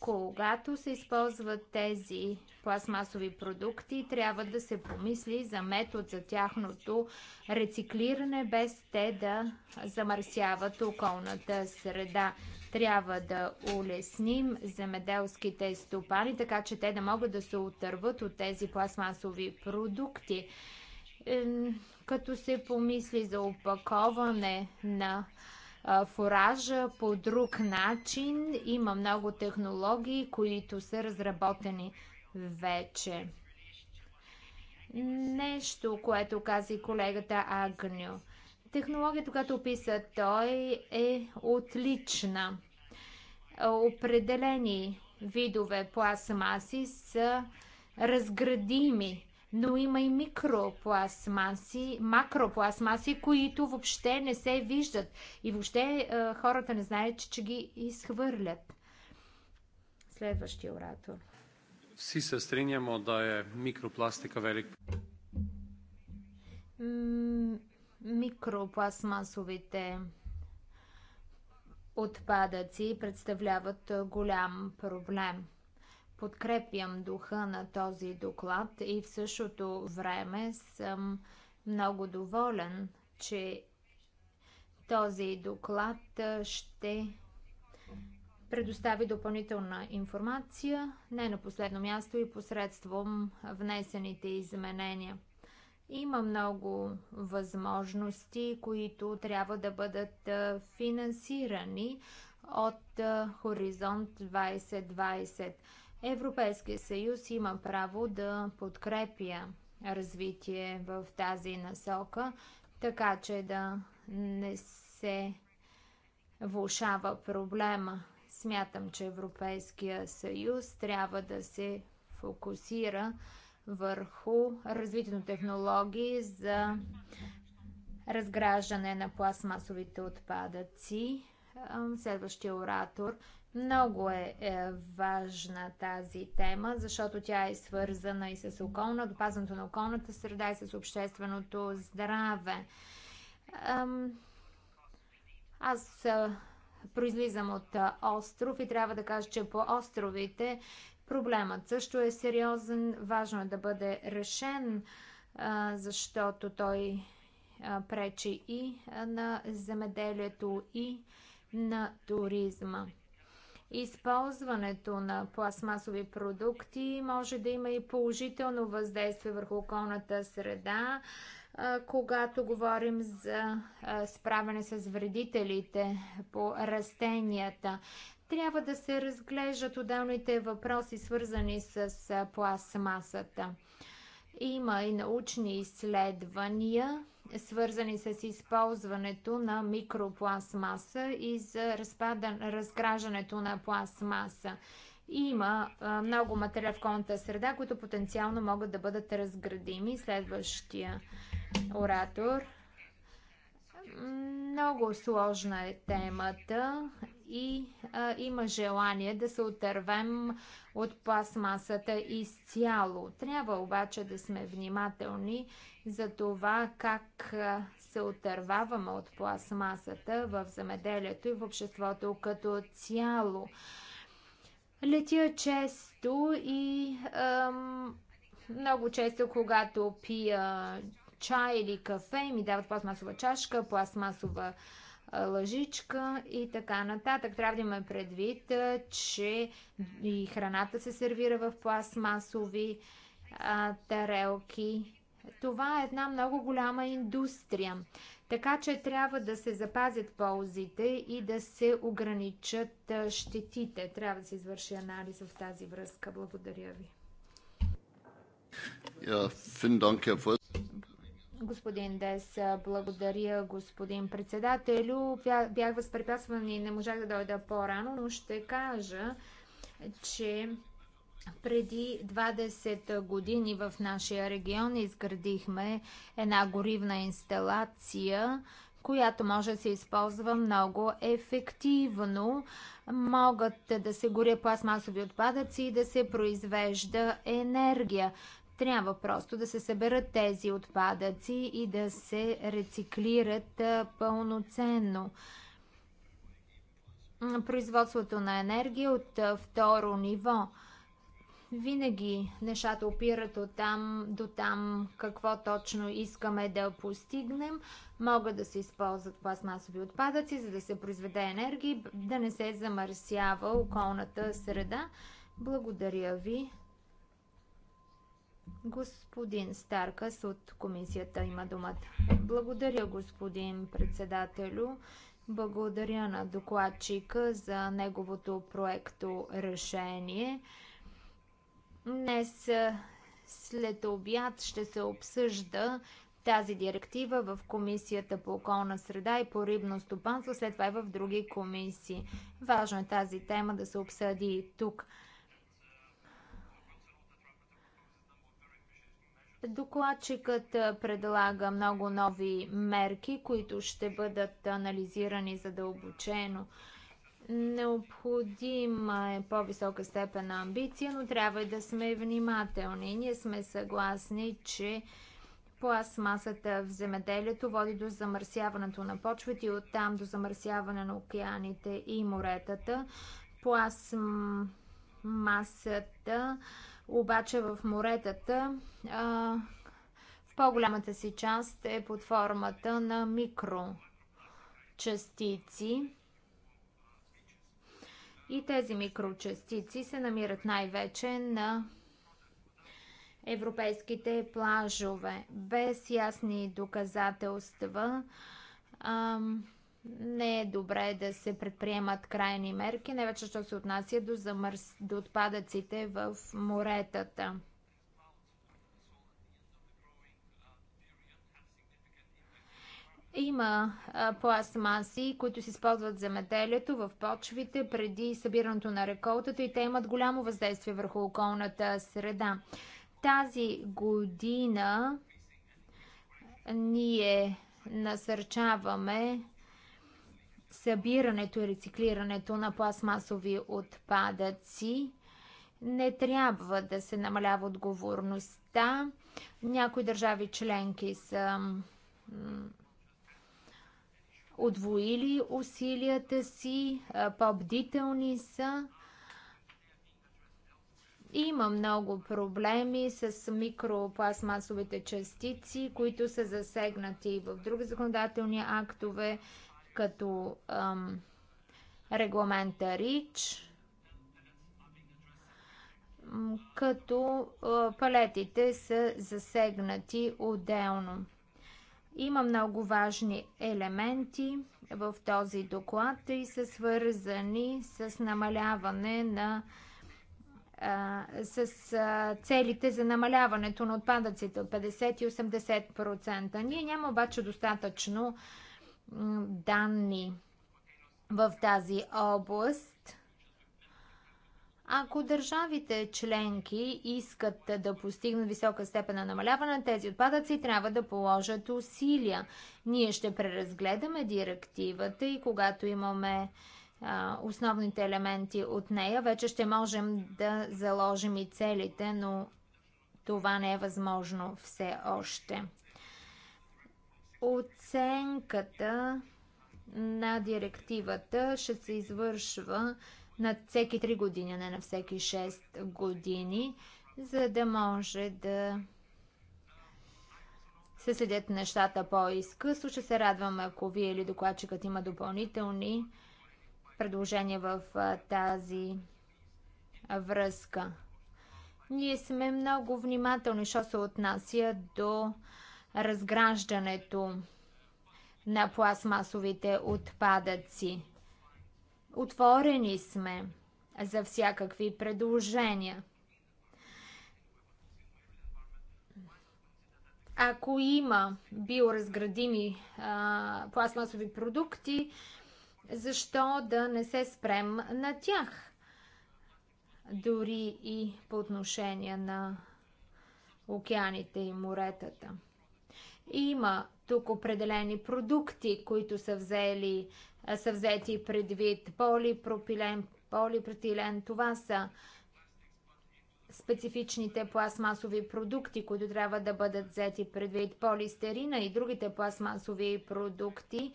Когато се използват тези пластмасови продукти, трябва да се помисли за метод за тяхното рециклиране, без те да замърсяват околната среда. Трябва да улесним земеделските стопани, така че те да могат да се отърват от тези пластмасови продукти. Като се помисли за опаковане на фуража по друг начин. Има много технологии, които са разработени вече. Нещо, което каза колегата Агню. Технологията, която описа той, е отлична. Определени видове пластмаси са разградими но има и микропластмаси, макропластмаси, които въобще не се виждат и въобще е, хората не знаят, че, че ги изхвърлят. Следващия оратор. Vsi се strinjamo, да е микропластика велик. Микропластмасовите отпадъци представляват е, голям проблем подкрепям духа на този доклад и в същото време съм много доволен, че този доклад ще предостави допълнителна информация, не на последно място и посредством внесените изменения. Има много възможности, които трябва да бъдат финансирани от Хоризонт 2020. Европейския съюз има право да подкрепя развитие в тази насока, така че да не се влушава проблема. Смятам, че Европейския съюз трябва да се фокусира върху развитието на технологии за разграждане на пластмасовите отпадъци. Следващия оратор много е, е важна тази тема, защото тя е свързана и с околна, допазването на околната среда и с общественото здраве. Ам, аз а, произлизам от а, остров и трябва да кажа, че по островите проблемът също е сериозен. Важно е да бъде решен, а, защото той пречи и на земеделието, и на туризма. Използването на пластмасови продукти може да има и положително въздействие върху околната среда, когато говорим за справяне с вредителите по растенията. Трябва да се разглеждат отделните въпроси, свързани с пластмасата. Има и научни изследвания, свързани с използването на микропластмаса и за разпада, разграждането на пластмаса. Има а, много материали в конта среда, които потенциално могат да бъдат разградими. Следващия оратор. Много сложна е темата и а, има желание да се отървем от пластмасата изцяло. Трябва обаче да сме внимателни за това как се отърваваме от пластмасата в замеделието и в обществото като цяло. Летя често и ам, много често, когато пия чай или кафе, ми дават пластмасова чашка, пластмасова лъжичка и така нататък. Трябва да имаме предвид, че и храната се сервира в пластмасови а, тарелки. Това е една много голяма индустрия. Така че трябва да се запазят ползите и да се ограничат щетите. Трябва да се извърши анализ в тази връзка. Благодаря ви. Yeah, Господин Дес, благодаря господин председателю. Бях възпрепятстван и не можах да дойда по-рано, но ще кажа, че преди 20 години в нашия регион изградихме една горивна инсталация, която може да се използва много ефективно. Могат да се горят пластмасови отпадъци и да се произвежда енергия. Трябва просто да се съберат тези отпадъци и да се рециклират пълноценно. Производството на енергия от второ ниво. Винаги нещата опират от там до там какво точно искаме да постигнем. Могат да се използват пластмасови отпадъци, за да се произведе енергия, да не се замърсява околната среда. Благодаря ви. Господин Старкас от комисията има думата. Благодаря, господин председателю. Благодаря на докладчика за неговото проекто решение. Днес след обяд ще се обсъжда тази директива в Комисията по околна среда и по рибно стопанство, след това и в други комисии. Важно е тази тема да се обсъди и тук. Докладчикът предлага много нови мерки, които ще бъдат анализирани задълбочено. Необходима е по-висока степен на амбиция, но трябва и да сме внимателни. Ние сме съгласни, че пластмасата в земеделието води до замърсяването на почвите и оттам до замърсяване на океаните и моретата. Пластмасата обаче в моретата а, в по-голямата си част е под формата на микрочастици. И тези микрочастици се намират най-вече на европейските плажове. Без ясни доказателства а, не е добре да се предприемат крайни мерки, не вече, що се отнася до, замърс... до отпадъците в моретата. Има а, пластмаси, които се използват за метелето в почвите, преди събирането на реколтата и те имат голямо въздействие върху околната среда. Тази година ние насърчаваме събирането и рециклирането на пластмасови отпадъци. Не трябва да се намалява отговорността. Някои държави членки са отвоили усилията си, по-бдителни са. Има много проблеми с микропластмасовите частици, които са засегнати в други законодателни актове, като ам, регламента РИЧ, като а, палетите са засегнати отделно. Има много важни елементи в този доклад и са свързани с намаляване на а, с а, целите за намаляването на отпадъците от 50 и 80%. Ние няма обаче достатъчно а, данни в тази област. Ако държавите членки искат да постигнат висока степен на намаляване на тези отпадъци, трябва да положат усилия. Ние ще преразгледаме директивата и когато имаме а, основните елементи от нея, вече ще можем да заложим и целите, но това не е възможно все още. Оценката на директивата ще се извършва на всеки 3 години, не на всеки 6 години, за да може да се следят нещата по-изкъсно. Ще се радвам, ако вие или докладчикът има допълнителни предложения в тази връзка. Ние сме много внимателни, що се отнася до разграждането на пластмасовите отпадъци. Отворени сме за всякакви предложения. Ако има биоразградими а, пластмасови продукти, защо да не се спрем на тях? Дори и по отношение на океаните и моретата. Има тук определени продукти, които са, взели, са взети предвид. Полипропилен, полипротилен. това са специфичните пластмасови продукти, които трябва да бъдат взети предвид. Полистерина и другите пластмасови продукти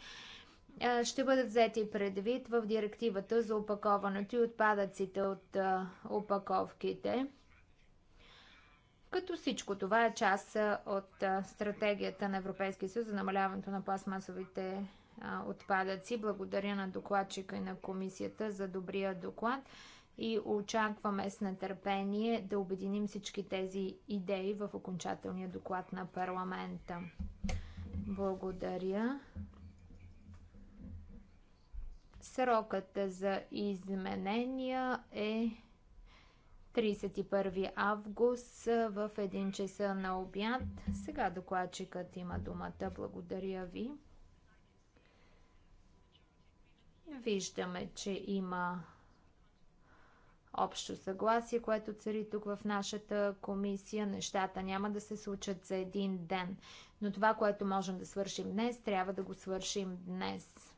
ще бъдат взети предвид в директивата за опаковането и отпадъците от опаковките. Като всичко това е част от стратегията на Европейския съюз за намаляването на пластмасовите отпадъци. Благодаря на докладчика и на комисията за добрия доклад и очакваме с нетърпение да обединим всички тези идеи в окончателния доклад на парламента. Благодаря. Срокът за изменения е 31 август в 1 часа на обяд. Сега докладчикът има думата. Благодаря ви. Виждаме, че има общо съгласие, което цари тук в нашата комисия. Нещата няма да се случат за един ден. Но това, което можем да свършим днес, трябва да го свършим днес.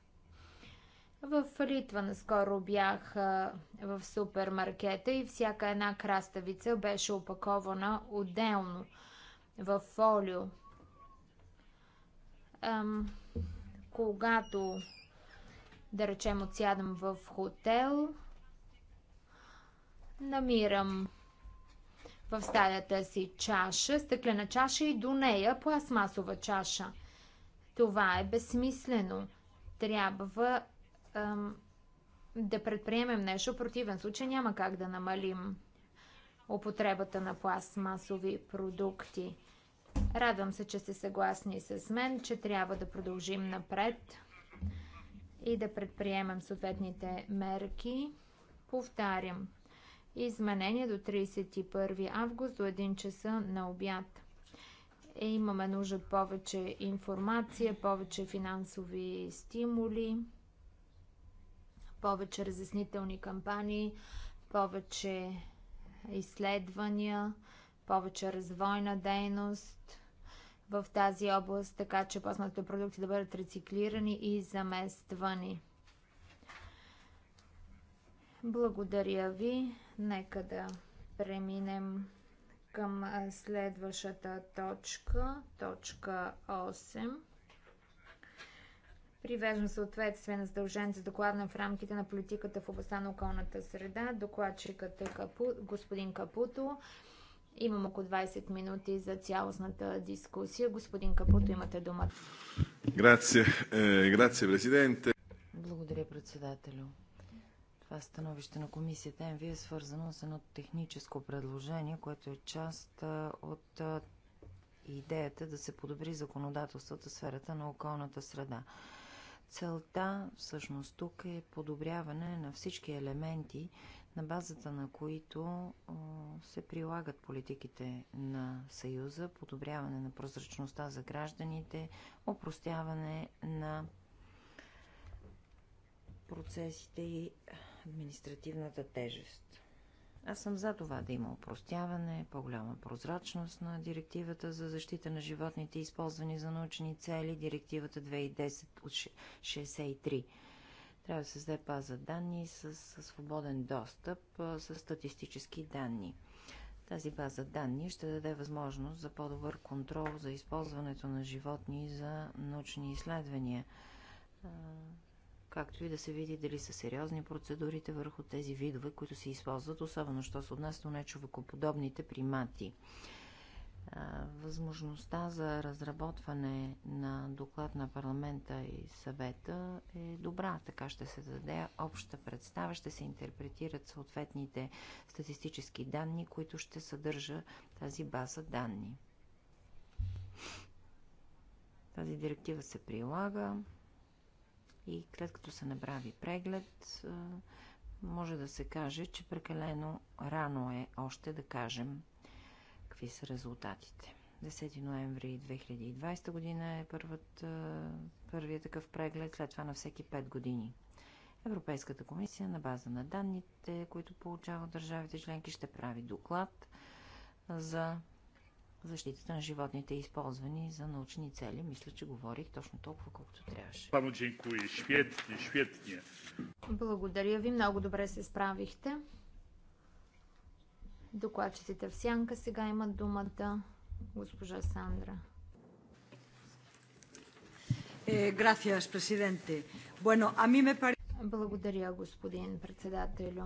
В Литва наскоро бях в супермаркета и всяка една краставица беше опакована отделно в фолио. Ам, когато, да речем, отсядам в хотел, намирам в стаята си чаша, стъклена чаша и до нея пластмасова чаша. Това е безсмислено. Трябва да предприемем нещо. противен случай няма как да намалим употребата на пластмасови продукти. Радвам се, че сте съгласни с мен, че трябва да продължим напред и да предприемем съответните мерки. Повтарям. Изменение до 31 август до 1 часа на обяд. Е, имаме нужда от повече информация, повече финансови стимули повече разяснителни кампании, повече изследвания, повече развойна дейност в тази област, така че пластмасовите продукти да бъдат рециклирани и замествани. Благодаря ви. Нека да преминем към следващата точка, точка 8. Привеждам съответствие на задълженията за докладна в рамките на политиката в областта на околната среда. Докладчикът е Капу, господин Капуто. Имам около 20 минути за цялостната дискусия. Господин Капуто, имате думата. Грация, е, грация, президенте. Благодаря, председателю. Това становище на комисията МВ е свързано с едно техническо предложение, което е част е, от е, идеята да се подобри законодателството в сферата на околната среда. Целта всъщност тук е подобряване на всички елементи, на базата на които се прилагат политиките на Съюза, подобряване на прозрачността за гражданите, опростяване на процесите и административната тежест. Аз съм за това да има упростяване, по-голяма прозрачност на директивата за защита на животните, използвани за научни цели, директивата 2010 от 63. Трябва да се създаде база данни с, с свободен достъп, с статистически данни. Тази база данни ще даде възможност за по-добър контрол за използването на животни за научни изследвания както и да се види дали са сериозни процедурите върху тези видове, които се използват, особено що се отнася до нечовекоподобните примати. Възможността за разработване на доклад на парламента и съвета е добра. Така ще се даде обща представа, ще се интерпретират съответните статистически данни, които ще съдържа тази база данни. Тази директива се прилага и след като се направи преглед, може да се каже, че прекалено рано е още да кажем какви са резултатите. 10 ноември 2020 година е първът, първият такъв преглед, след това на всеки 5 години. Европейската комисия на база на данните, които получава държавите членки, ще прави доклад за защитата на животните, използвани за научни цели. Мисля, че говорих точно толкова, колкото трябваше. Благодаря ви, много добре се справихте. Докладчиците в сянка сега имат думата госпожа Сандра. Е, Благодаря, господин председателю.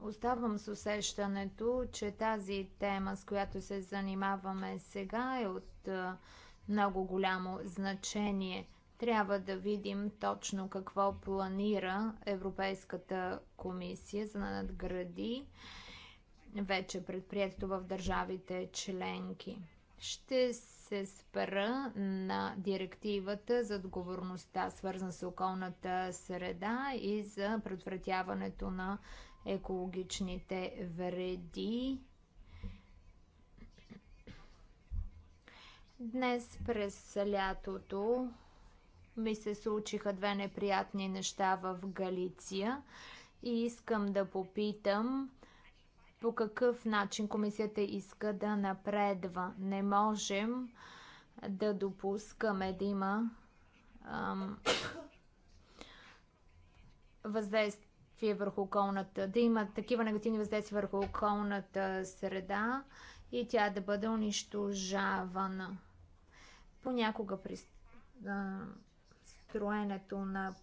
Оставам с усещането, че тази тема, с която се занимаваме сега, е от много голямо значение. Трябва да видим точно какво планира Европейската комисия за да надгради вече предприятието в държавите членки. Ще се спра на директивата за отговорността, свързана с околната среда и за предотвратяването на екологичните вреди. Днес през лятото ми се случиха две неприятни неща в Галиция и искам да попитам по какъв начин комисията иска да напредва. Не можем да допускаме да има ам, *coughs* въздействие въздействие върху околната, да има такива негативни въздействия върху околната среда и тя да бъде унищожавана. Понякога при строенето на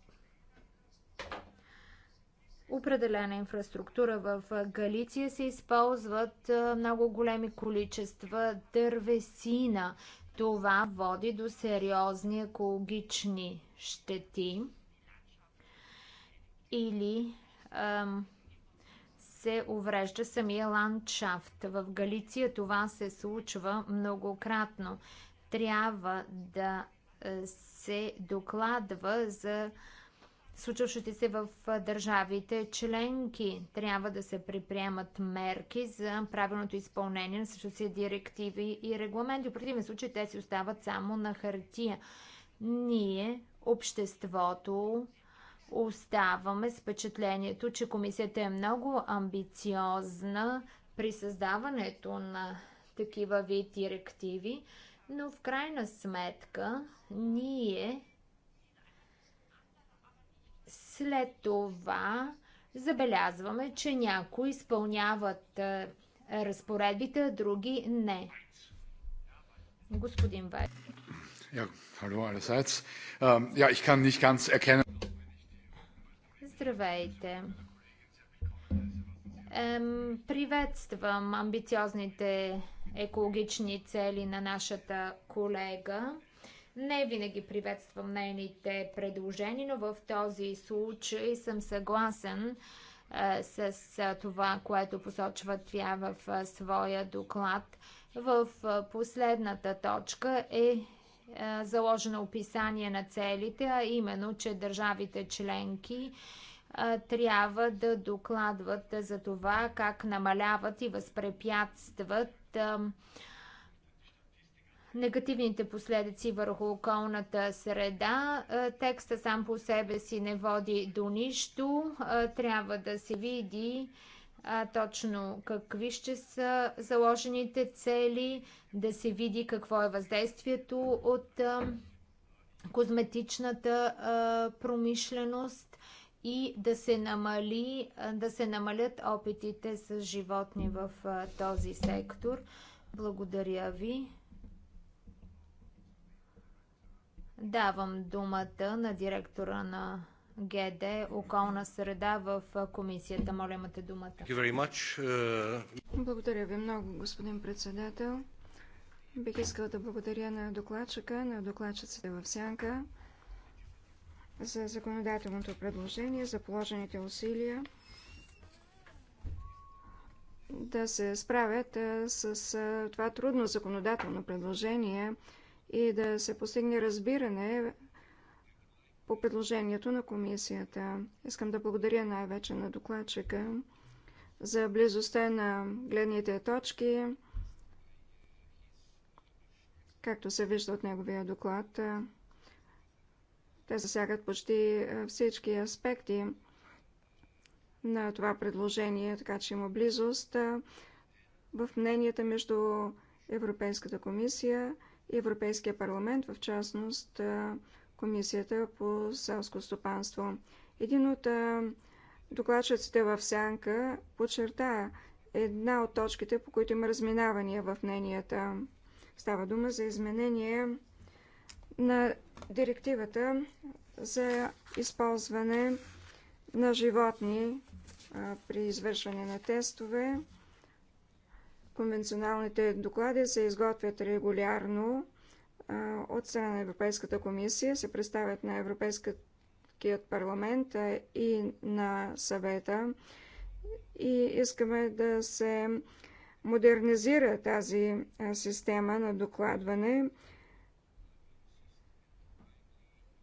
определена инфраструктура в Галиция се използват много големи количества дървесина. Това води до сериозни екологични щети или се уврежда самия ландшафт. В Галиция това се случва многократно. Трябва да е, се докладва за случващите се в е, държавите членки. Трябва да се приприемат мерки за правилното изпълнение на същите директиви и регламенти. В противен случай те си остават само на хартия. Ние, обществото, Оставаме с впечатлението, че комисията е много амбициозна при създаването на такива вид директиви, но в крайна сметка ние след това забелязваме, че някои изпълняват е, разпоредбите, а други не. Господин Вайс. Ja, hallo allerseits. Ähm, ja, ich kann nicht ganz erkennen. Здравейте! Ем, приветствам амбициозните екологични цели на нашата колега. Не винаги приветствам нейните предложения, но в този случай съм съгласен е, с е, това, което посочва тя в е, своя доклад. В е, последната точка е заложено описание на целите, а именно, че държавите членки трябва да докладват за това как намаляват и възпрепятстват негативните последици върху околната среда. Текста сам по себе си не води до нищо. Трябва да се види точно какви ще са заложените цели, да се види какво е въздействието от козметичната промишленост и да се, намали, да се намалят опитите с животни в този сектор. Благодаря ви. Давам думата на директора на ГД околна среда в комисията. Моля, имате думата. Uh, благодаря ви много, господин председател. Бих искал да благодаря на докладчика, на докладчиците в Сянка за законодателното предложение, за положените усилия да се справят с това трудно законодателно предложение и да се постигне разбиране по предложението на комисията. Искам да благодаря най-вече на докладчика за близостта на гледните точки, както се вижда от неговия доклад. Те засягат почти е, всички аспекти на това предложение, така че има близост е, в мненията между Европейската комисия и Европейския парламент, в частност е, Комисията по селско стопанство. Един от докладчиците в сянка подчерта една от точките, по които има разминавания в мненията. Става дума за изменение на директивата за използване на животни при извършване на тестове. Конвенционалните доклади се изготвят регулярно от страна на Европейската комисия, се представят на Европейският парламент и на съвета. И искаме да се модернизира тази система на докладване,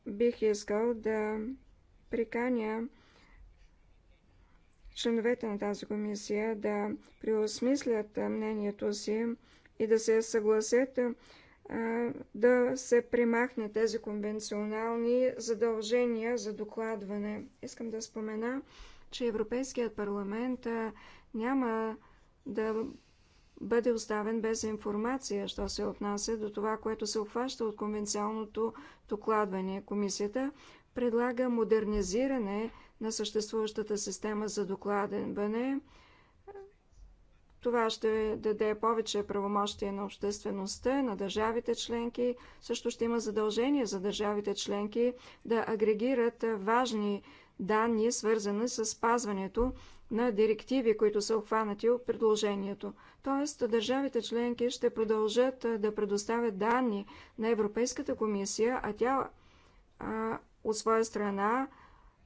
бих искал да приканя членовете на тази комисия да преосмислят мнението си и да се съгласят да се премахне тези конвенционални задължения за докладване. Искам да спомена, че Европейският парламент няма да бъде оставен без информация, що се отнася до това, което се обхваща от конвенциалното докладване. Комисията предлага модернизиране на съществуващата система за докладване. Това ще даде повече правомощие на обществеността, на държавите членки. Също ще има задължение за държавите членки да агрегират важни данни, свързани с спазването на директиви, които са обхванати от предложението. Тоест, държавите членки ще продължат да предоставят данни на Европейската комисия, а тя а, от своя страна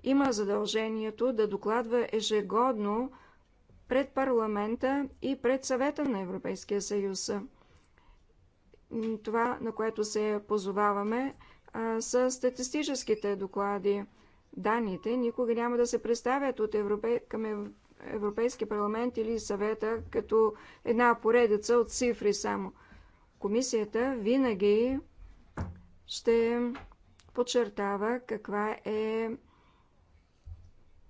има задължението да докладва ежегодно пред парламента и пред съвета на Европейския съюз. Това, на което се позоваваме, а, са статистическите доклади. Данните никога няма да се представят от Европе... към Европейски парламент или съвета като една поредица от цифри само. Комисията винаги ще подчертава каква е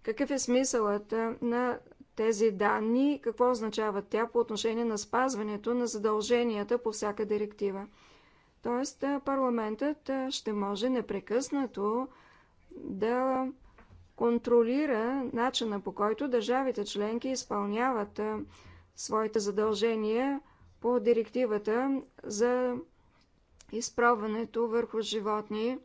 какъв е смисълът на тези данни и какво означава тя по отношение на спазването на задълженията по всяка директива. Тоест парламентът ще може непрекъснато да контролира начина по който държавите членки изпълняват своите задължения по директивата за изпробването върху животни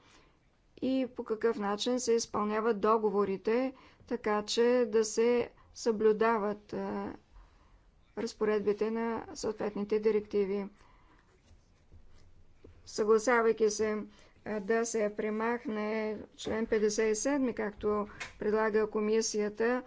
и по какъв начин се изпълняват договорите, така че да се съблюдават разпоредбите на съответните директиви. Съгласявайки се да се премахне член 57, както предлага комисията,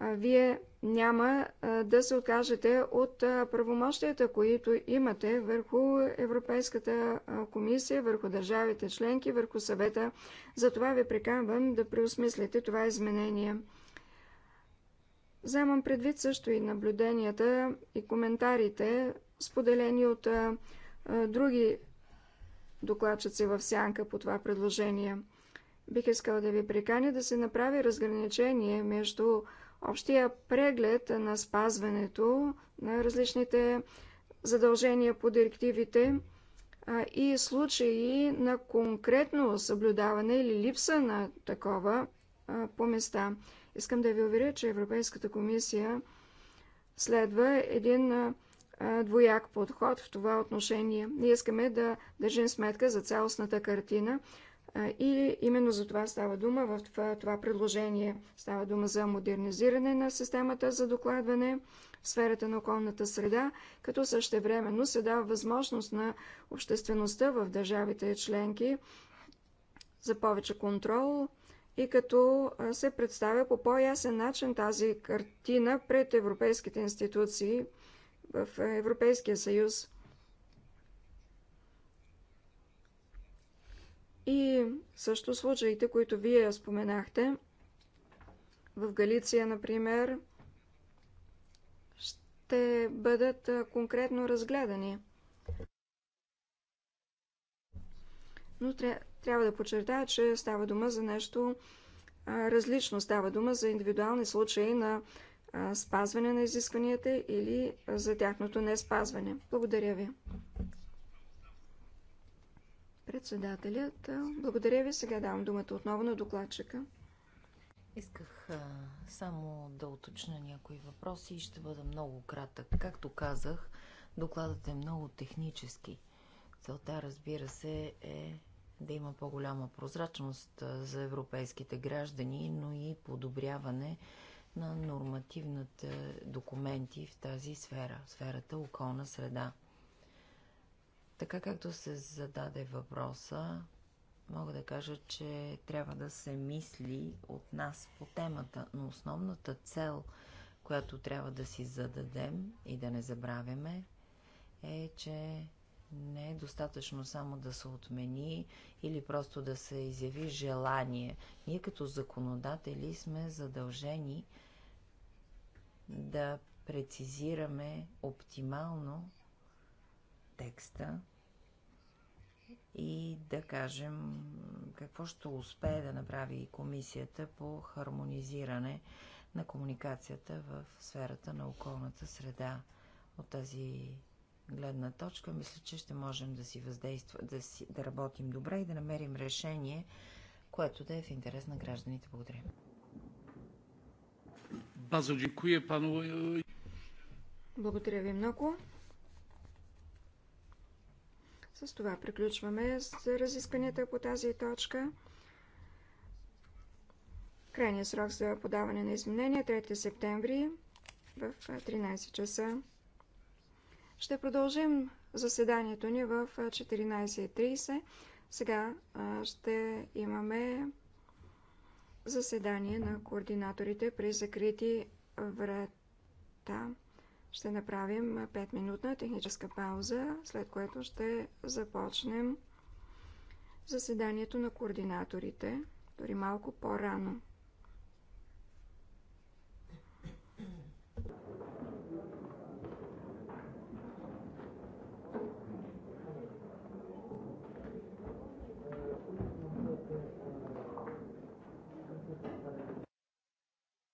вие няма да се откажете от правомощията, които имате върху Европейската комисия, върху държавите членки, върху съвета. Затова ви приканвам да преосмислите това изменение. Вземам предвид също и наблюденията и коментарите, споделени от други докладчици в сянка по това предложение. Бих искала да ви приканя да се направи разграничение между общия преглед на спазването на различните задължения по директивите и случаи на конкретно съблюдаване или липса на такова по места. Искам да ви уверя, че Европейската комисия следва един двояк подход в това отношение. Ние искаме да държим сметка за цялостната картина и именно за това става дума в това, това предложение. Става дума за модернизиране на системата за докладване в сферата на околната среда, като същевременно се дава възможност на обществеността в държавите членки за повече контрол и като се представя по по-ясен начин тази картина пред европейските институции в Европейския съюз. И също случаите, които вие споменахте, в Галиция, например, ще бъдат конкретно разгледани. Но трябва да подчертая, че става дума за нещо различно. Става дума за индивидуални случаи на спазване на изискванията или за тяхното не спазване. Благодаря ви. Председателят, благодаря ви. Сега давам думата отново на докладчика. Исках а, само да уточня някои въпроси и ще бъда много кратък. Както казах, докладът е много технически. Целта, разбира се, е да има по-голяма прозрачност за европейските граждани, но и подобряване на нормативните документи в тази сфера, сферата околна среда. Така както се зададе въпроса, мога да кажа, че трябва да се мисли от нас по темата, но основната цел, която трябва да си зададем и да не забравяме, е, че не е достатъчно само да се отмени или просто да се изяви желание. Ние като законодатели сме задължени да прецизираме оптимално текста и да кажем какво ще успее да направи комисията по хармонизиране на комуникацията в сферата на околната среда. От тази гледна точка мисля, че ще можем да си въздейства, да, си, да работим добре и да намерим решение, което да е в интерес на гражданите. Благодаря. E, Благодаря ви много. С това приключваме с разискванията по тази точка. Крайният срок за подаване на изменения 3 е септември в 13 часа. Ще продължим заседанието ни в 14.30. Сега ще имаме заседание на координаторите при закрити врата. Ще направим 5-минутна техническа пауза, след което ще започнем заседанието на координаторите, дори малко по-рано.